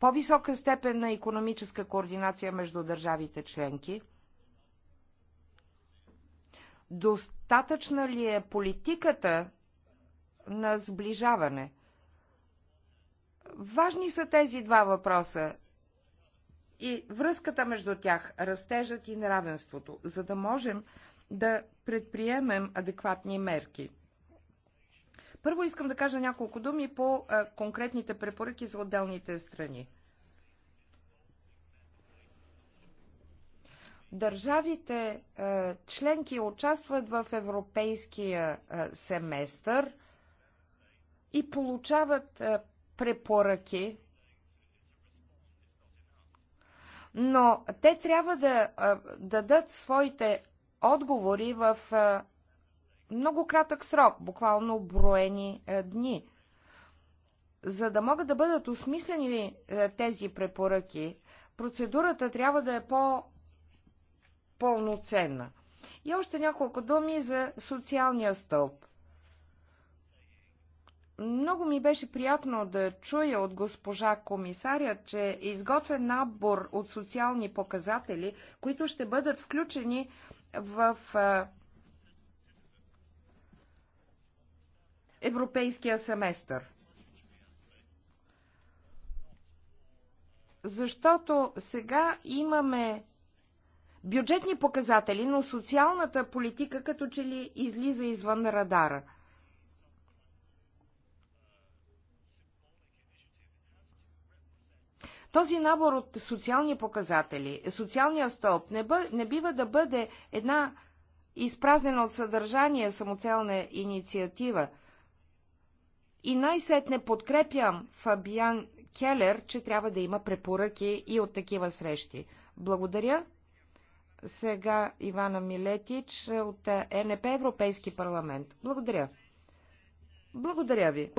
S1: по-висока степен на економическа координация между държавите членки? Достатъчна ли е политиката на сближаване? Важни са тези два въпроса и връзката между тях, растежът и неравенството, за да можем да предприемем адекватни мерки. Първо искам да кажа няколко думи по конкретните препоръки за отделните страни. Държавите членки участват в европейския семестър и получават препоръки, но те трябва да дадат своите отговори в много кратък срок, буквално броени е, дни. За да могат да бъдат осмислени е, тези препоръки, процедурата трябва да е по-пълноценна. И още няколко думи за социалния стълб. Много ми беше приятно да чуя от госпожа комисаря, че е изготвен набор от социални показатели, които ще бъдат включени в е, европейския семестър. Защото сега имаме бюджетни показатели, но социалната политика като че ли излиза извън радара. Този набор от социални показатели, социалния стълб, не, бъ, не бива да бъде една изпразнена от съдържание самоцелна инициатива – и най-сетне подкрепям Фабиан Келер, че трябва да има препоръки и от такива срещи. Благодаря. Сега Ивана Милетич от ЕНП Европейски парламент. Благодаря. Благодаря ви.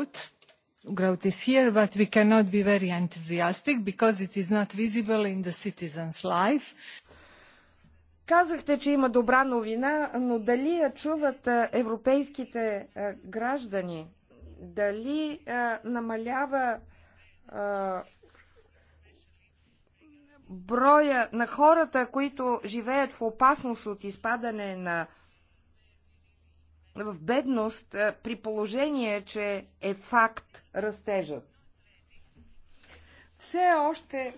S1: Growth is here, but we cannot be very enthusiastic because it is not visible in the citizens' life. Казахте, че има добра новина, но дали я чуват европейските граждани? дали а, намалява а, броя на хората, които живеят в опасност от изпадане на в бедност, а, при положение, че е факт растежът. Все още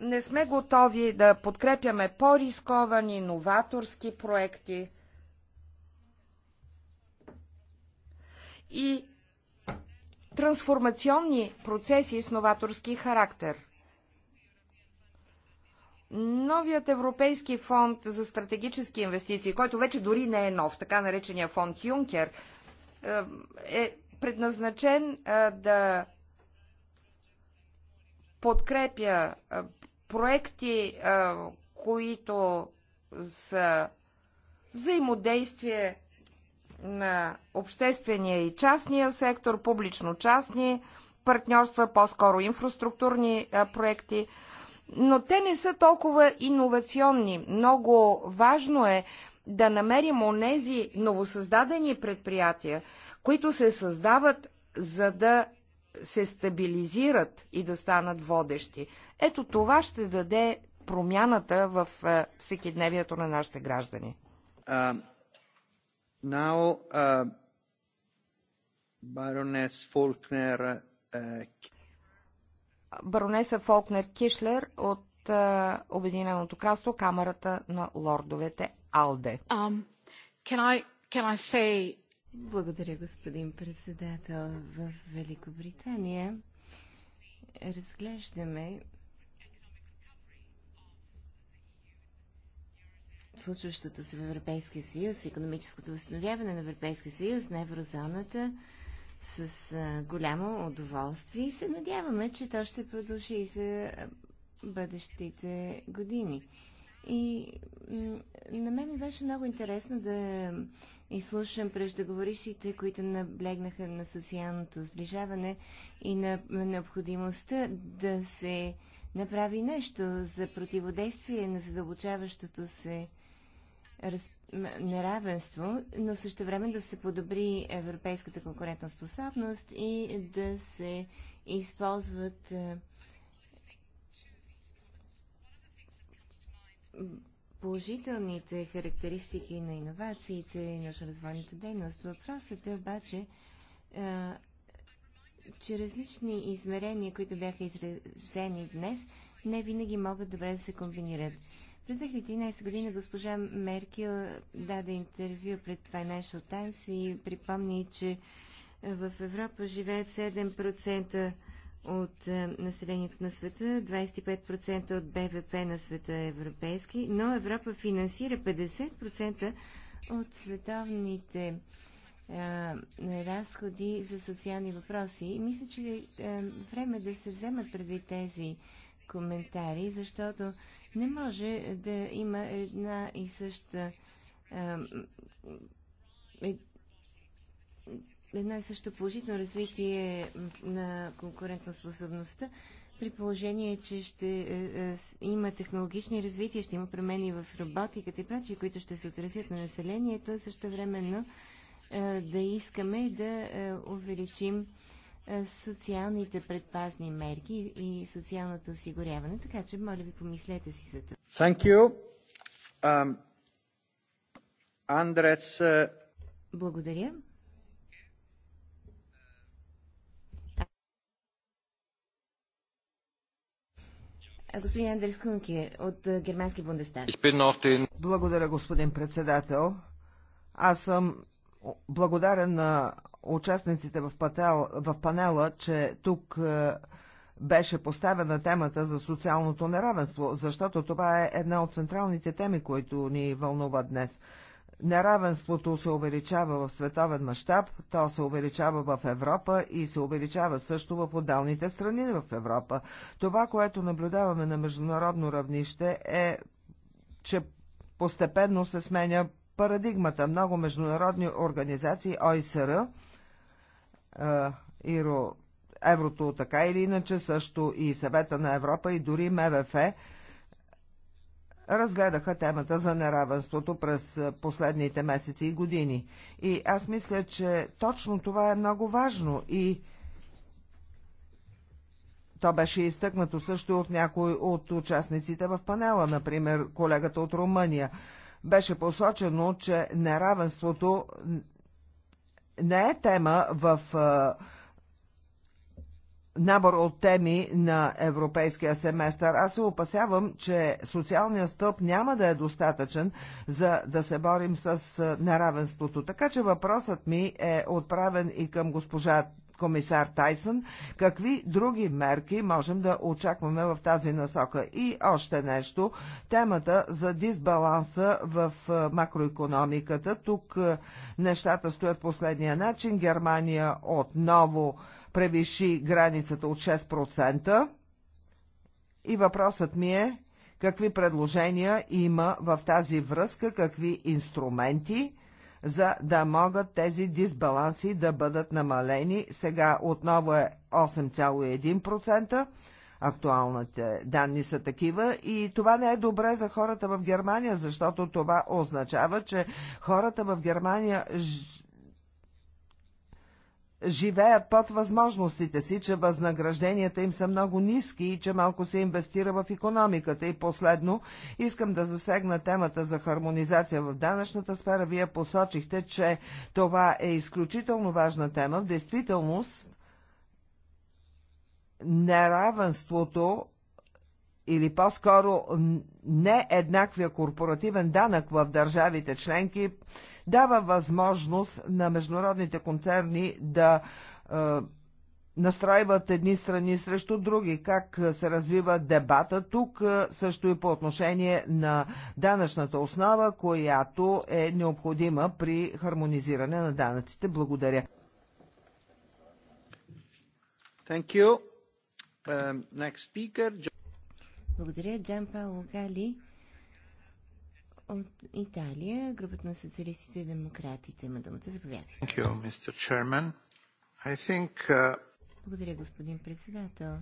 S1: не сме готови да подкрепяме по-рисковани, новаторски проекти. И трансформационни процеси с новаторски характер. Новият Европейски фонд за стратегически инвестиции, който вече дори не е нов, така наречения фонд Юнкер, е, е предназначен да подкрепя проекти, които са взаимодействие на обществения и частния сектор, публично-частни партньорства, по-скоро инфраструктурни проекти, но те не са толкова иновационни. Много важно е да намерим онези новосъздадени предприятия, които се създават, за да се стабилизират и да станат водещи. Ето това ще даде промяната в всекидневието на нашите граждани.
S3: Now, uh, Baroness Faulkner. Uh,
S1: Баронеса Фолкнер Кишлер от uh, Обединеното кралство, Камерата на лордовете Алде. Um, can I, can I say... Благодаря,
S2: господин председател. В Великобритания разглеждаме случващото се в Европейския съюз, економическото възстановяване на Европейския съюз, на еврозоната, с а, голямо удоволствие и се надяваме, че то ще продължи и за бъдещите години. И на мен ми беше много интересно да изслушам преждеговорившите, които наблегнаха на социалното сближаване и на необходимостта да се направи нещо за противодействие на задълбочаващото се раз... неравенство, но също време да се подобри европейската способност и да се използват е, положителните характеристики на иновациите и научно-развойната дейност. Въпросът е обаче, е, че различни измерения, които бяха изразени днес, не винаги могат добре да се комбинират. През 2013 година госпожа Меркел даде интервю пред Financial Times и припомни, че в Европа живеят 7% от е, населението на света, 25% от БВП на света е европейски, но Европа финансира 50% от световните а, е, разходи за социални въпроси. И мисля, че е време да се вземат преди тези коментари, защото не може да има една и съща а, е, едно и също положително развитие на конкурентоспособността при положение, че ще е, е, има технологични развития, ще има промени в роботиката и прочи, които ще се отразят на населението, също времено да искаме да увеличим е, социалните предпазни мерки и социалното осигуряване. Така че, моля ви, помислете си за това.
S1: Thank you. Um, Andres, Uh... Благодаря.
S3: Господин Андрес Кунки от е, Германски бундестаг. Благодаря, господин председател. Аз съм благодарен на участниците в, пател, в панела, че тук е, беше поставена темата за социалното неравенство, защото това е една от централните теми, които ни вълнува днес. Неравенството се увеличава в световен мащаб, то се увеличава в Европа и се увеличава също в отдалните страни в Европа. Това, което наблюдаваме на международно равнище е, че постепенно се сменя парадигмата. Много международни организации, ОИСР, Иро, еврото така или иначе, също и съвета на Европа и дори МВФ разгледаха темата за неравенството през последните месеци и години. И аз мисля, че точно това е много важно и то беше изтъкнато също от някой от участниците в панела, например колегата от Румъния. Беше посочено, че неравенството не е тема в набор от теми на европейския семестър. Аз се опасявам, че социалният стълб няма да е достатъчен за да се борим с неравенството. Така че въпросът ми е отправен и към госпожа комисар Тайсън, какви други мерки можем да очакваме в тази насока. И още нещо, темата за дисбаланса в е, макроекономиката. Тук е, нещата стоят последния начин. Германия отново превиши границата от 6%. И въпросът ми е, какви предложения има в тази връзка, какви инструменти за да могат тези дисбаланси да бъдат намалени. Сега отново е 8,1%. Актуалните данни са такива и това не е добре за хората в Германия, защото това означава, че хората в Германия живеят под възможностите си, че възнагражденията им са много ниски и че малко се инвестира в економиката. И последно, искам да засегна темата за хармонизация в данъчната сфера. Вие посочихте, че това е изключително важна тема. В действителност, неравенството или по-скоро не еднаквия корпоративен данък в държавите членки дава възможност на международните концерни да е, настройват едни страни срещу други, как се развива дебата тук, също и по отношение на данъчната основа, която е необходима при хармонизиране на данъците. Благодаря.
S1: Thank you. Um, next
S2: speaker, благодаря. Джан Пауло Гали от Италия, групата на социалистите и демократите. Има думата. Заповядайте.
S3: You, think, uh...
S2: Благодаря, господин председател.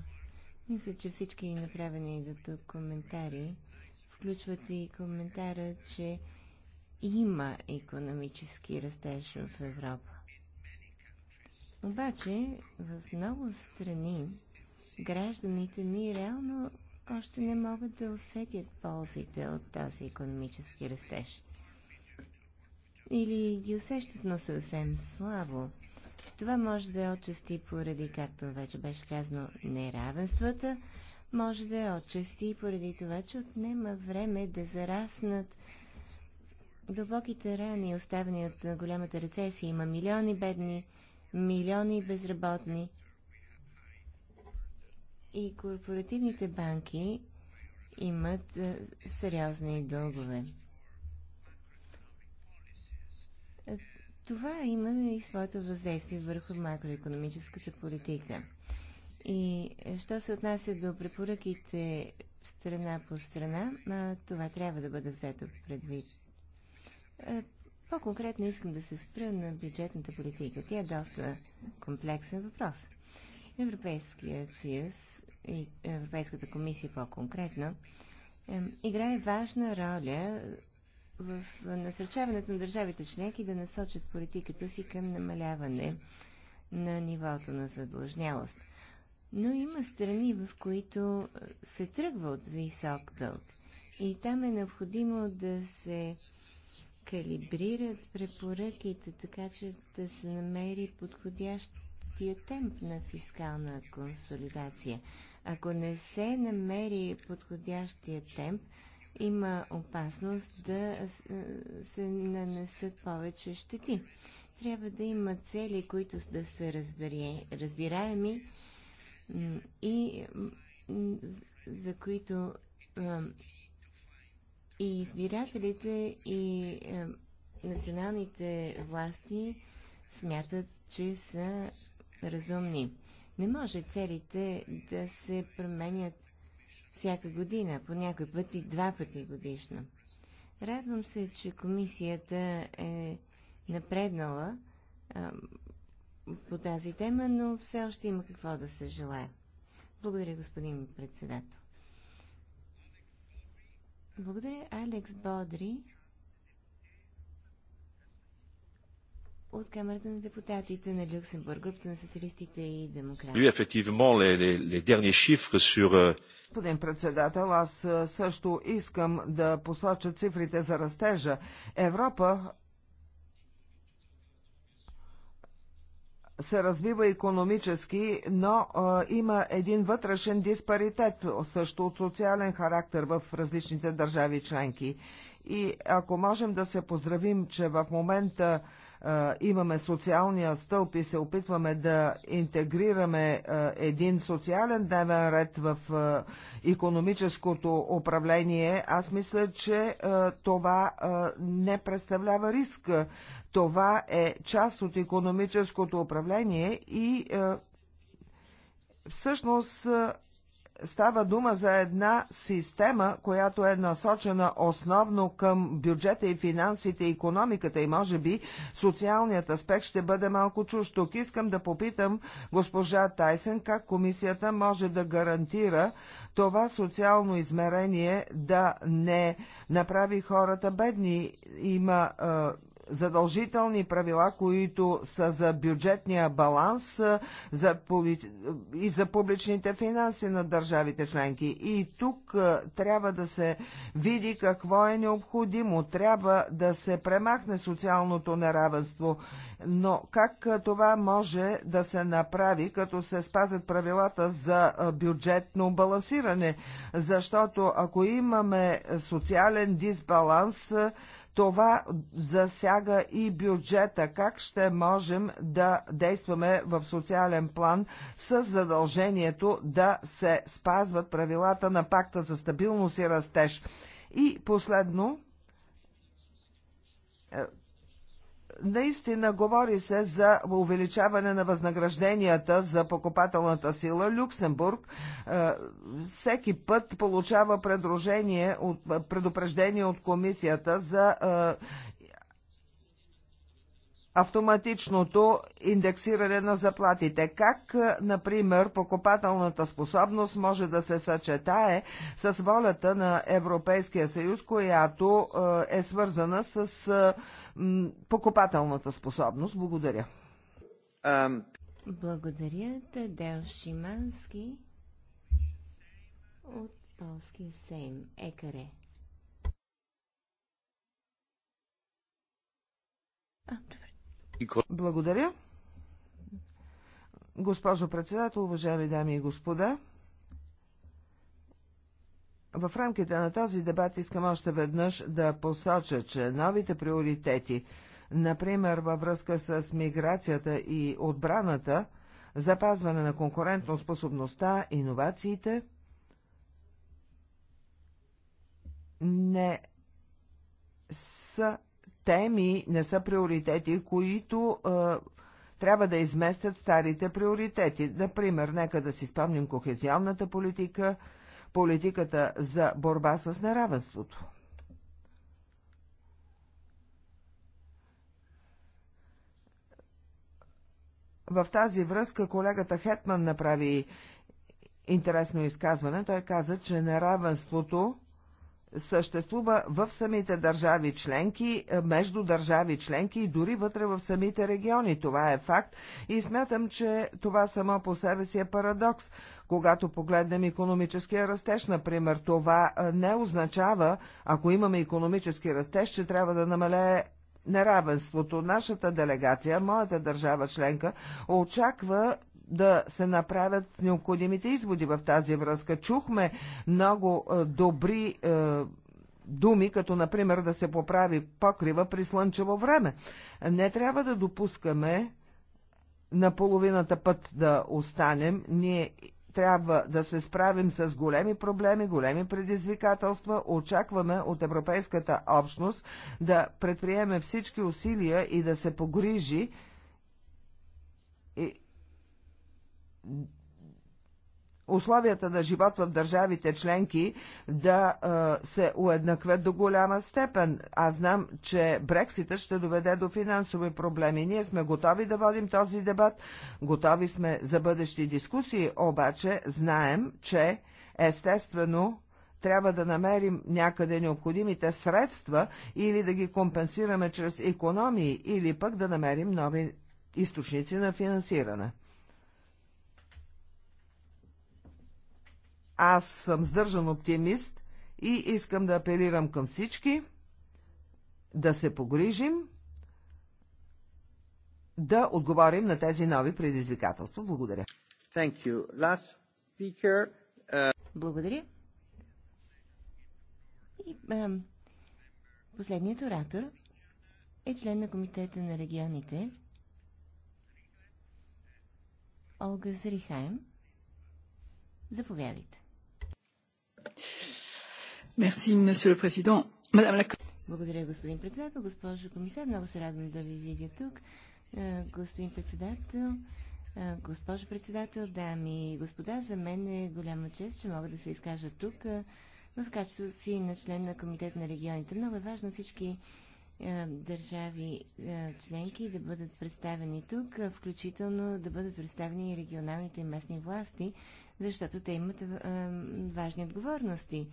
S2: Мисля, че всички направени до тук коментари включват и коментара, че има економически растеж в Европа. Обаче в много страни гражданите ни реално още не могат да усетят ползите от този економически растеж. Или ги усещат, но съвсем слабо. Това може да е отчасти поради, както вече беше казано, неравенствата, може да е отчасти поради това, че отнема време да зараснат дълбоките рани, оставени от голямата рецесия. Има милиони бедни, милиони безработни – и корпоративните банки имат е, сериозни дългове. Е, това има и своето въздействие върху макроекономическата политика. И е, що се отнася до препоръките страна по страна, това трябва да бъде взето предвид. По-конкретно искам да се спра на бюджетната политика. Тя е доста комплексен въпрос. Европейският съюз и Европейската комисия по-конкретно, играе важна роля в насърчаването на държавите членки да насочат политиката си към намаляване на нивото на задлъжнялост. Но има страни, в които е, се тръгва от висок дълг. И там е необходимо да се калибрират препоръките, така че да се намери подходящия темп на фискална консолидация. Ако не се намери подходящия темп, има опасност да се нанесат повече щети. Трябва да има цели, които да са разбираеми и за които и избирателите, и националните власти смятат, че са разумни. Не може целите да се променят всяка година, по някой път и два пъти годишно. Радвам се, че комисията е напреднала а, по тази тема, но все още има какво да се желая. Благодаря, господин председател. Благодаря, Алекс Бодри. от Камерата на депутатите на
S3: Люксембург, групата на социалистите и демократите. Господин председател, аз също искам да посоча цифрите за растежа. Европа се развива економически, но а, има един вътрешен диспаритет, също от социален характер в различните държави членки. И ако можем да се поздравим, че в момента а, имаме социалния стълб и се опитваме да интегрираме един социален дневен ред в економическото управление, аз мисля, че това не представлява риск. Това е част от економическото управление и всъщност става дума за една система, която е насочена основно към бюджета и финансите, и економиката и може би социалният аспект ще бъде малко чуж. Тук искам да попитам госпожа Тайсен как комисията може да гарантира това социално измерение да не направи хората бедни. Има задължителни правила, които са за бюджетния баланс за поли... и за публичните финанси на държавите членки. И тук трябва да се види какво е необходимо. Трябва да се премахне социалното неравенство. Но как това може да се направи, като се спазят правилата за бюджетно балансиране? Защото ако имаме социален дисбаланс, това засяга и бюджета. Как ще можем да действаме в социален план с задължението да се спазват правилата на пакта за стабилност и растеж? И последно, наистина говори се за увеличаване на възнагражденията за покупателната сила. Люксембург е, всеки път получава предложение от, предупреждение от комисията за е, автоматичното индексиране на заплатите. Как, е, например, покупателната способност може да се съчетае с волята на Европейския съюз, която е свързана с покупателната способност. Благодаря. Благодаря, Тадел Шимански
S2: от Полския Сейм. Екаре.
S3: Благодаря. Госпожо председател, уважаеми дами и господа, в рамките на този дебат искам още веднъж да посоча, че новите приоритети, например във връзка с миграцията и отбраната, запазване на способността, иновациите, не са теми, не са приоритети, които е, трябва да изместят старите приоритети. Например, нека да си спомним кохезионната политика – политиката за борба с неравенството. В тази връзка колегата Хетман направи интересно изказване. Той каза, че неравенството съществува в самите държави членки, е, между държави членки и дори вътре в самите региони. Това е факт и смятам, че това само по себе си е парадокс. Когато погледнем економическия растеж, например, това е, не означава, ако имаме економически растеж, че трябва да намалее неравенството. Нашата делегация, моята държава членка, очаква да се направят необходимите изводи в тази връзка. Чухме много е, добри е, думи, като например да се поправи покрива при слънчево време. Не трябва да допускаме на половината път да останем. Ние трябва да се справим с големи проблеми, големи предизвикателства. Очакваме от Европейската общност да предприеме всички усилия и да се погрижи и условията на живот в държавите членки да а, се уеднакват до голяма степен. Аз знам, че Брексита ще доведе до финансови проблеми. Ние сме готови да водим този дебат, готови сме за бъдещи дискусии, обаче знаем, че естествено трябва да намерим някъде необходимите средства или да ги компенсираме чрез економии, или пък да намерим нови източници на финансиране. Аз съм сдържан оптимист и искам да апелирам към всички да се погрижим да отговорим на тези нови предизвикателства. Благодаря. Thank you. Last speaker, uh... Благодаря. И, а, последният
S2: оратор е член на Комитета на регионите Олга Зрихайм. Заповядайте. Благодаря, господин председател. Госпожо комисар, много се радвам да ви видя тук. Е, господин председател, е, госпожо председател, дами и господа, за мен е голяма чест, че мога да се изкажа тук е, в качеството си на член на Комитет на регионите. Много е важно всички държави членки да бъдат представени тук, включително да бъдат представени и регионалните и местни власти, защото те имат а, важни отговорности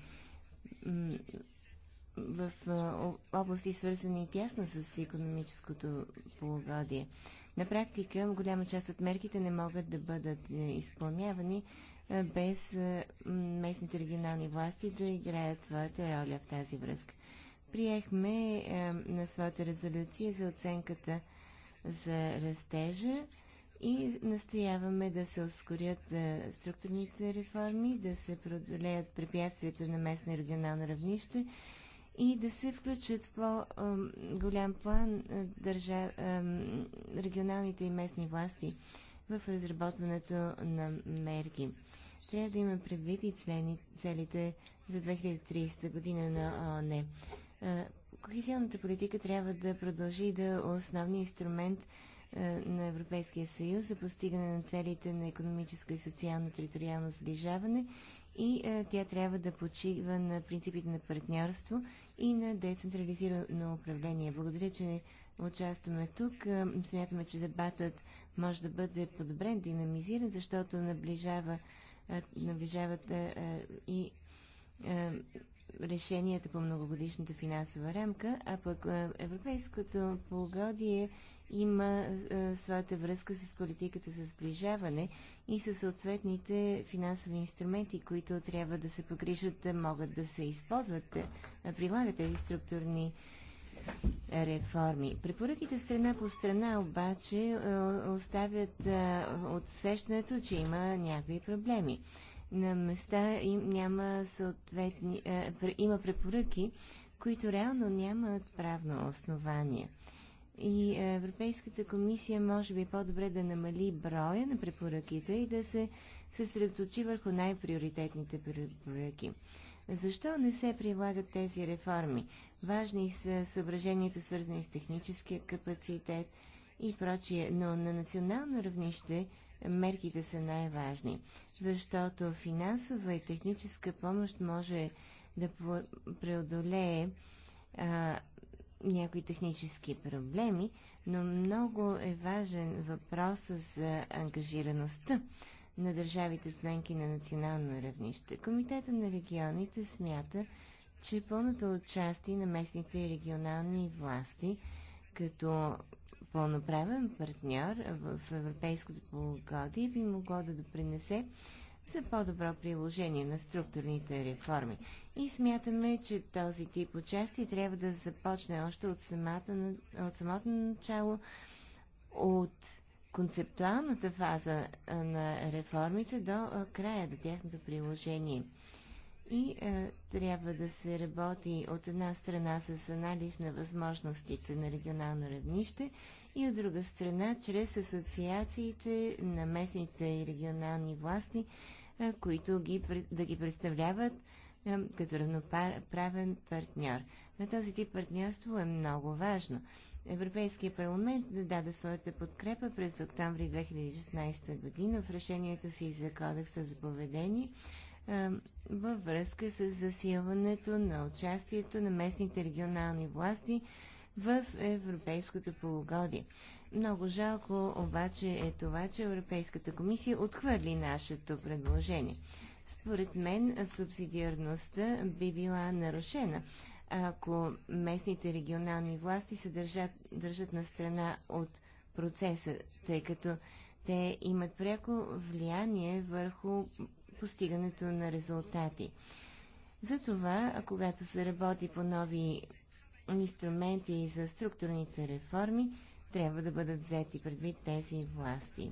S2: в а, области, свързани тясно с економическото полугодие. На практика, голяма част от мерките не могат да бъдат е, изпълнявани а, без а, местните регионални власти да играят своята роля в тази връзка. Приехме е, на своята резолюция за оценката за растежа и настояваме да се ускорят е, структурните реформи, да се преодолеят препятствията на местно и регионално равнище и да се включат в по-голям план е, държа... Е, регионалните и местни власти в разработването на мерки. Трябва да има предвид и целите за 2030 година на ООН. Кохезионната политика трябва да продължи да е основни инструмент – е, на Европейския съюз за постигане на целите на економическо и социално-териториално сближаване и а, е, тя трябва да почива на принципите на партньорство и на децентрализирано управление. Благодаря, че участваме тук. Е, смятаме, че дебатът може да бъде подобрен, динамизиран, защото наближава, а, наближават а, и решенията по многогодишната финансова рамка, а пък европейското полугодие има а, своята връзка с политиката за сближаване и с съответните финансови инструменти, които трябва да се погрижат да могат да се използват, да прилагат тези структурни реформи. Препоръките страна по страна обаче оставят отсещането, че има някакви проблеми. На места им няма съответни, а, има препоръки, които реално нямат правно основание. И Европейската комисия може би по-добре да намали броя на препоръките и да се съсредоточи върху най-приоритетните препоръки. Защо не се прилагат тези реформи? Важни са съображенията, свързани с техническия капацитет и прочие, но на национално равнище мерките са най-важни, защото финансова и техническа помощ може да преодолее някои технически проблеми, но много е важен въпрос за ангажираността на държавите членки на национално равнище. Комитета на регионите смята, че пълното участие на местните и регионални власти като пълноправен партньор в Европейското полугодие би могло да допринесе за по-добро приложение на структурните реформи. И смятаме, че този тип участие трябва да започне още от, самата, от самото начало, от концептуалната фаза на реформите до края, до тяхното приложение. И е, трябва да се работи от една страна с анализ на възможностите на регионално равнище и от друга страна чрез асоциациите на местните и регионални власти, е, които ги, да ги представляват е, като равноправен партньор. На този тип партньорство е много важно. Европейския парламент даде своята подкрепа през октомври 2016 година в решението си за кодекса за поведение е, във връзка с засилването на участието на местните регионални власти в Европейското полугодие. Много жалко обаче е това, че Европейската комисия отхвърли нашето предложение. Според мен субсидиарността би била нарушена, ако местните регионални власти се държат, държат на страна от процеса, тъй като те имат пряко влияние върху постигането на резултати. Затова, когато се работи по нови инструменти за структурните реформи, трябва да бъдат взети предвид тези власти.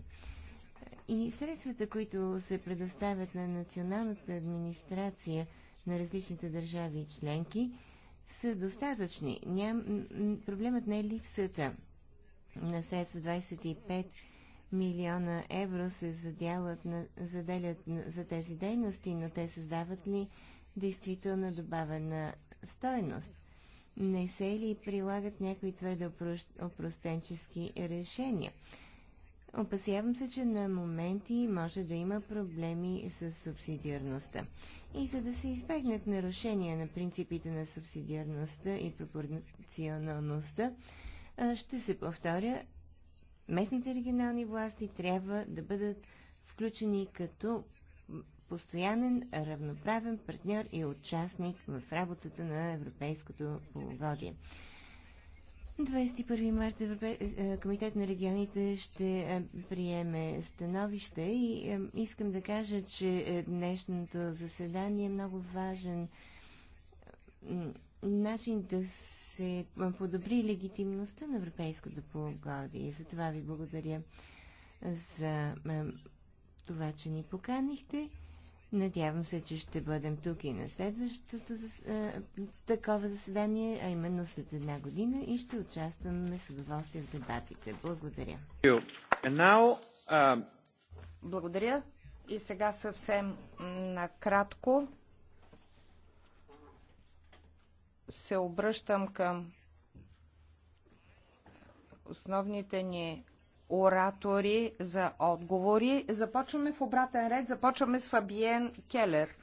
S2: И средствата, които се предоставят на националната администрация на различните държави и членки, са достатъчни. Ням... Проблемът не е липсата на средства 25 милиона евро се заделят на, заделят на, за тези дейности, но те създават ли действителна добавена стойност? Не се ли прилагат някои твърде опростенчески решения? Опасявам се, че на моменти може да има проблеми с субсидиарността. И за да се избегнат нарушения на принципите на субсидиарността и пропорционалността, ще се повторя, местните регионални власти трябва да бъдат включени като постоянен равноправен партньор и участник в работата на Европейското полугодие. 21 марта е, е, Комитет на регионите ще е, приеме становище и искам да кажа, че днешното заседание е много важен начин да се подобри легитимността на европейското полугодие. И за това ви благодаря за това, че ни поканихте. Надявам се, че ще бъдем тук и на следващото а, такова заседание, а именно след една година
S1: и ще участваме с удоволствие в дебатите. Благодаря. Now, uh... Благодаря. И сега съвсем накратко. се обръщам към основните ни оратори за отговори. Започваме в обратен ред. Започваме с Фабиен Келер.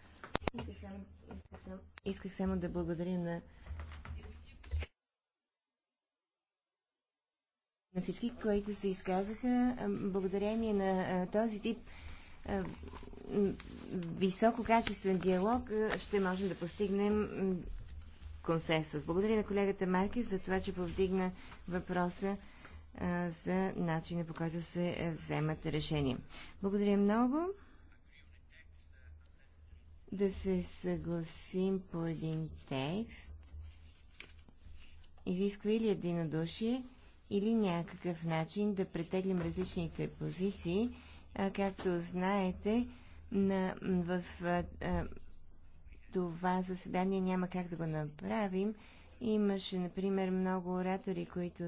S2: Исках само, исках само,
S1: исках само да благодаря на
S2: на всички, които се изказаха. Благодарение на този тип висококачествен диалог ще можем да постигнем консенсус. Благодаря на колегата Марки за това, че повдигна въпроса а, за начина по който се вземат решения. Благодаря много. Да се съгласим по един текст изисква или единодушие, или някакъв начин да претеглим различните позиции. А, както знаете, на, в а, това заседание няма как да го направим. Имаше, например, много оратори, които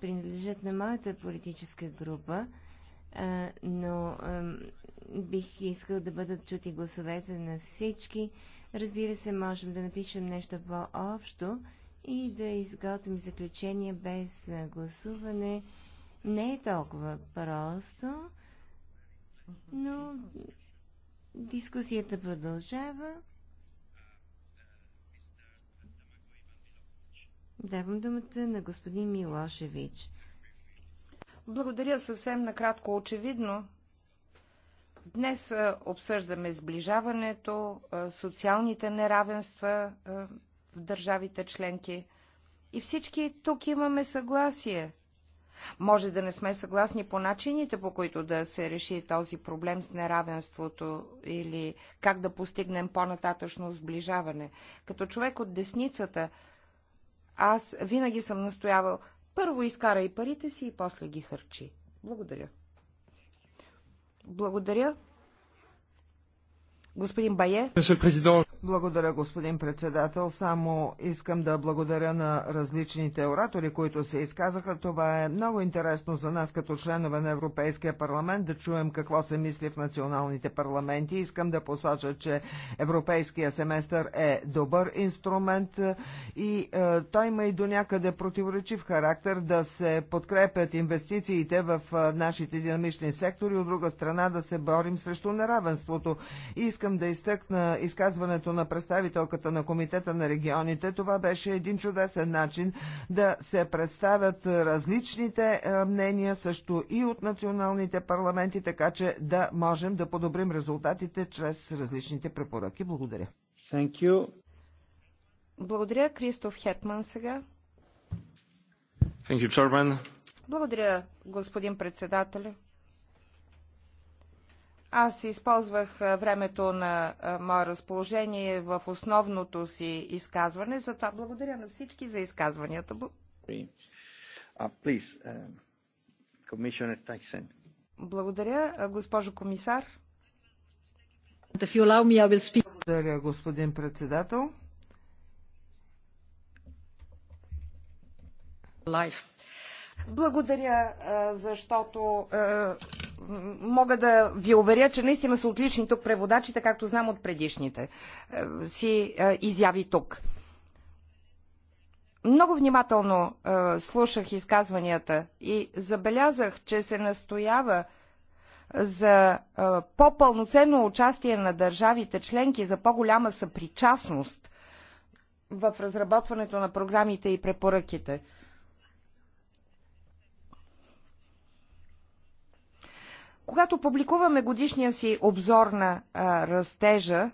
S2: принадлежат на моята политическа група, а, но а, бих искал да бъдат чути гласовете на всички. Разбира се, можем да напишем нещо по-общо и да изготвим заключение без гласуване. Не е толкова просто, но дискусията продължава.
S1: Давам думата на господин Милошевич. Благодаря съвсем накратко. Очевидно, днес обсъждаме сближаването, социалните неравенства в държавите членки. И всички тук имаме съгласие. Може да не сме съгласни по начините, по които да се реши този проблем с неравенството или как да постигнем по-нататъчно сближаване. Като човек от десницата, аз винаги съм настоявал, първо изкарай парите си и после ги харчи. Благодаря. Благодаря. Господин Бае.
S3: Благодаря, господин председател. Само искам да благодаря на различните оратори, които се изказаха. Това е много интересно за нас като членове на Европейския парламент да чуем какво се мисли в националните парламенти. Искам да посоча, че Европейския семестър е добър инструмент и е, той има и до някъде противоречив характер да се подкрепят инвестициите в е, нашите динамични сектори, от друга страна да се борим срещу неравенството. И искам да изтъкна изказването изказването на представителката на Комитета на регионите, това беше един чудесен начин да се представят различните е, мнения, също и от националните парламенти, така че да можем да подобрим резултатите чрез различните препоръки. Благодаря. Thank you.
S1: Благодаря, Кристоф Хетман сега.
S2: Thank you, Chairman.
S1: Благодаря, господин председателю. Аз използвах времето на мое разположение в основното си изказване, затова благодаря на всички за изказванията. Благодаря, госпожо комисар.
S3: Благодаря, господин председател.
S1: Благодаря, защото мога да ви уверя, че наистина са отлични тук преводачите, както знам от предишните е, си е, изяви тук. Много внимателно е, слушах изказванията и забелязах, че се настоява за по-пълноценно участие на държавите членки, за по-голяма съпричастност в разработването на програмите и препоръките – Когато публикуваме годишния си обзор на а, растежа,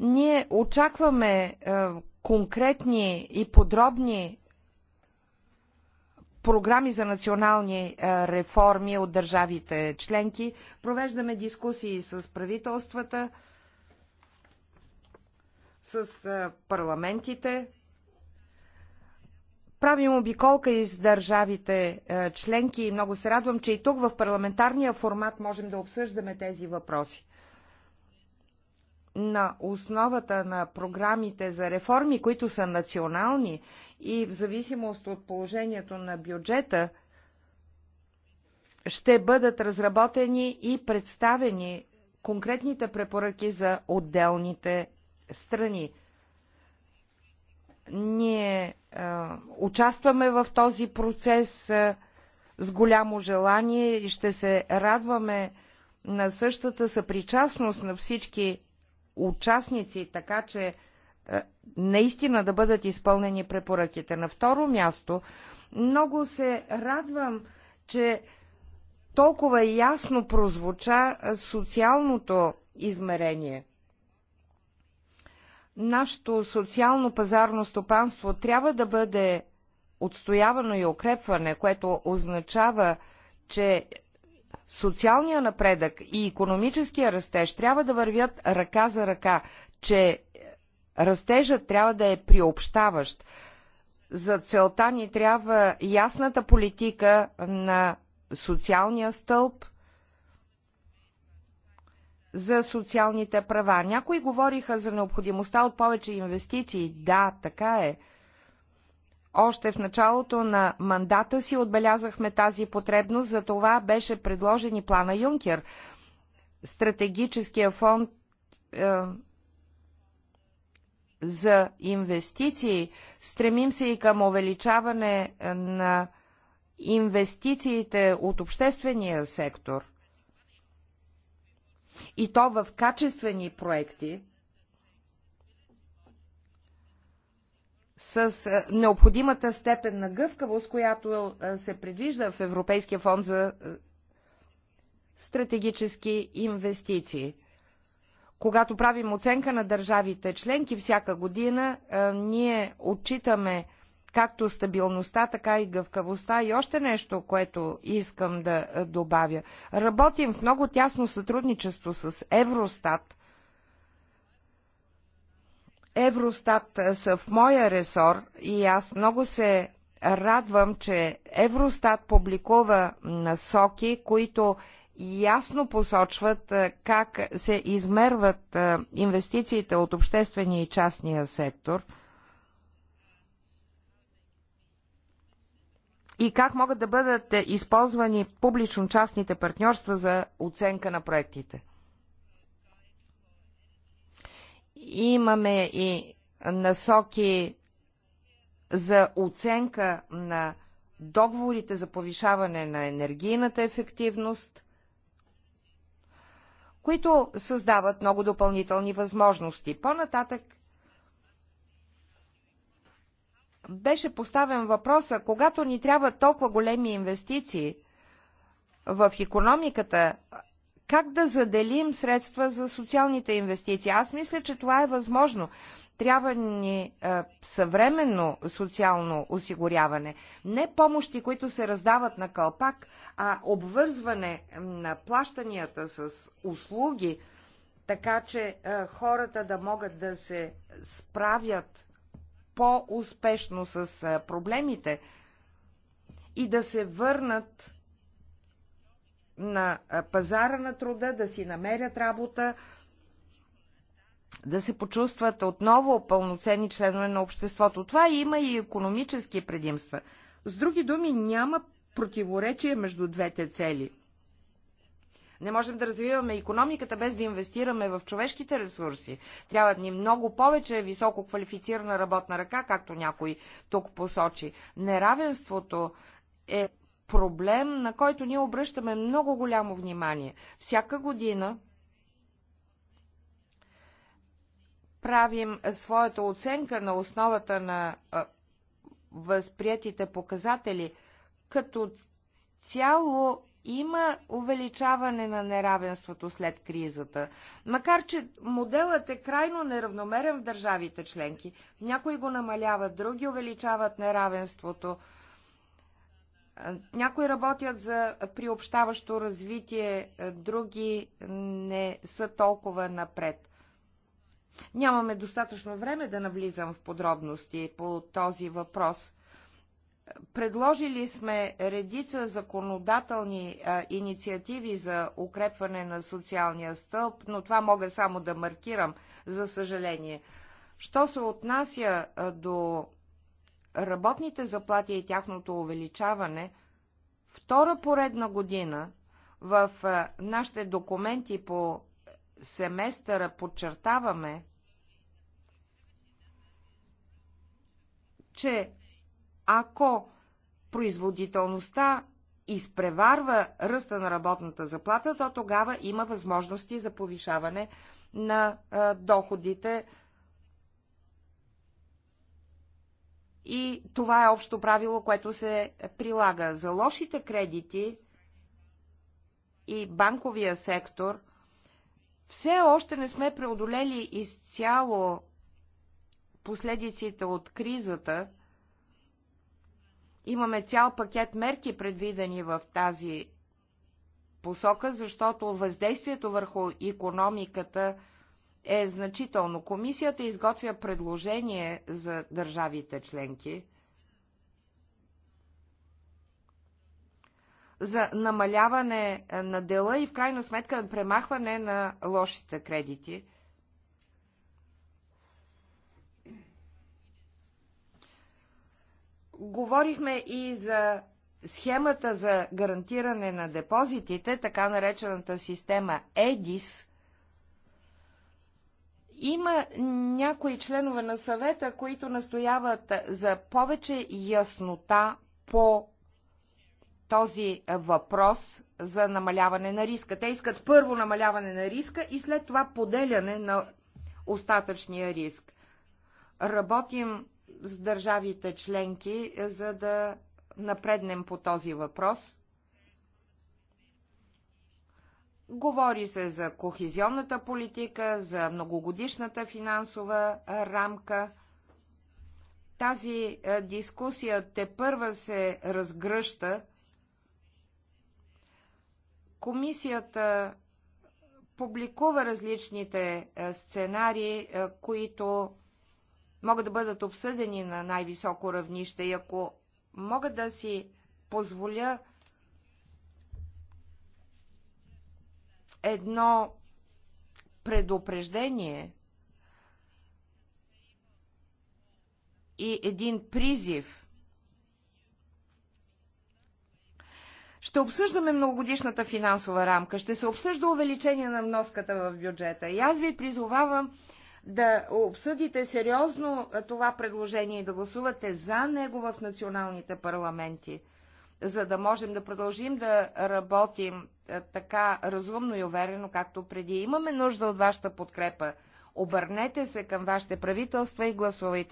S1: ние очакваме а, конкретни и подробни програми за национални а, реформи от държавите членки. Провеждаме дискусии с правителствата, с а, парламентите правим обиколка из държавите е, членки и много се радвам, че и тук в парламентарния формат можем да обсъждаме тези въпроси. На основата на програмите за реформи, които са национални и в зависимост от положението на бюджета, ще бъдат разработени и представени конкретните препоръки за отделните страни. Ние а, участваме в този процес а, с голямо желание и ще се радваме на същата съпричастност на всички участници, така че а, наистина да бъдат изпълнени препоръките. На второ място, много се радвам, че толкова ясно прозвуча социалното измерение. Нашето социално-пазарно стопанство трябва да бъде отстоявано и укрепване, което означава, че социалния напредък и економическия растеж трябва да вървят ръка за ръка, че растежът трябва да е приобщаващ. За целта ни трябва ясната политика на социалния стълб – за социалните права. Някои говориха за необходимостта от повече инвестиции. Да, така е. Още в началото на мандата си отбелязахме тази потребност, за това беше предложен и плана Юнкер. Стратегическия фонд е, за инвестиции. Стремим се и към увеличаване на инвестициите от обществения сектор – и то в качествени проекти с необходимата степен на гъвкавост, която се предвижда в Европейския фонд за стратегически инвестиции. Когато правим оценка на държавите членки всяка година, ние отчитаме както стабилността, така и гъвкавостта. И още нещо, което искам да добавя. Работим в много тясно сътрудничество с Евростат. Евростат са в моя ресор и аз много се радвам, че Евростат публикува насоки, които ясно посочват как се измерват инвестициите от обществения и частния сектор – и как могат да бъдат използвани публично-частните партньорства за оценка на проектите. Имаме и насоки за оценка на договорите за повишаване на енергийната ефективност, които създават много допълнителни възможности. По-нататък беше поставен въпроса, когато ни трябва толкова големи инвестиции в економиката, как да заделим средства за социалните инвестиции. Аз мисля, че това е възможно. Трябва ни е, съвременно социално осигуряване. Не помощи, които се раздават на кълпак, а обвързване на плащанията с услуги, така че е, хората да могат да се справят по-успешно с проблемите и да се върнат на пазара на труда, да си намерят работа, да се почувстват отново пълноценни членове на обществото. Това има и економически предимства. С други думи, няма противоречие между двете цели. Не можем да развиваме економиката без да инвестираме в човешките ресурси. Трябва да ни много повече високо квалифицирана работна ръка, както някой тук посочи. Неравенството е проблем, на който ние обръщаме много голямо внимание. Всяка година правим своята оценка на основата на възприятите показатели, като цяло има увеличаване на неравенството след кризата. Макар, че моделът е крайно неравномерен в държавите членки, някои го намаляват, други увеличават неравенството, някои работят за приобщаващо развитие, други не са толкова напред. Нямаме достатъчно време да навлизам в подробности по този въпрос – Предложили сме редица законодателни а, инициативи за укрепване на социалния стълб, но това мога само да маркирам, за съжаление. Що се отнася а, до работните заплати и тяхното увеличаване, втора поредна година в а, нашите документи по семестъра подчертаваме, че ако производителността изпреварва ръста на работната заплата, то тогава има възможности за повишаване на а, доходите. И това е общо правило, което се прилага. За лошите кредити и банковия сектор все още не сме преодолели изцяло последиците от кризата – Имаме цял пакет мерки предвидени в тази посока, защото въздействието върху економиката е значително. Комисията изготвя предложение за държавите членки за намаляване на дела и в крайна сметка премахване на лошите кредити – Говорихме и за схемата за гарантиране на депозитите, така наречената система ЕДИС. Има някои членове на съвета, които настояват за повече яснота по този въпрос за намаляване на риска. Те искат първо намаляване на риска и след това поделяне на остатъчния риск. Работим с държавите членки, е, за да напреднем по този въпрос. Говори се за кохезионната политика, за многогодишната финансова рамка. Тази дискусия те първа се разгръща. Комисията публикува различните сценарии, които могат да бъдат обсъдени на най-високо равнище и ако мога да си позволя едно предупреждение и един призив. Ще обсъждаме многогодишната финансова рамка, ще се обсъжда увеличение на вноската в бюджета и аз ви призовавам да обсъдите сериозно това предложение и да гласувате за него в националните парламенти, за да можем да продължим да работим е, така разумно и уверено, както преди. Имаме нужда от вашата подкрепа. Обърнете се към вашите правителства и гласувайте.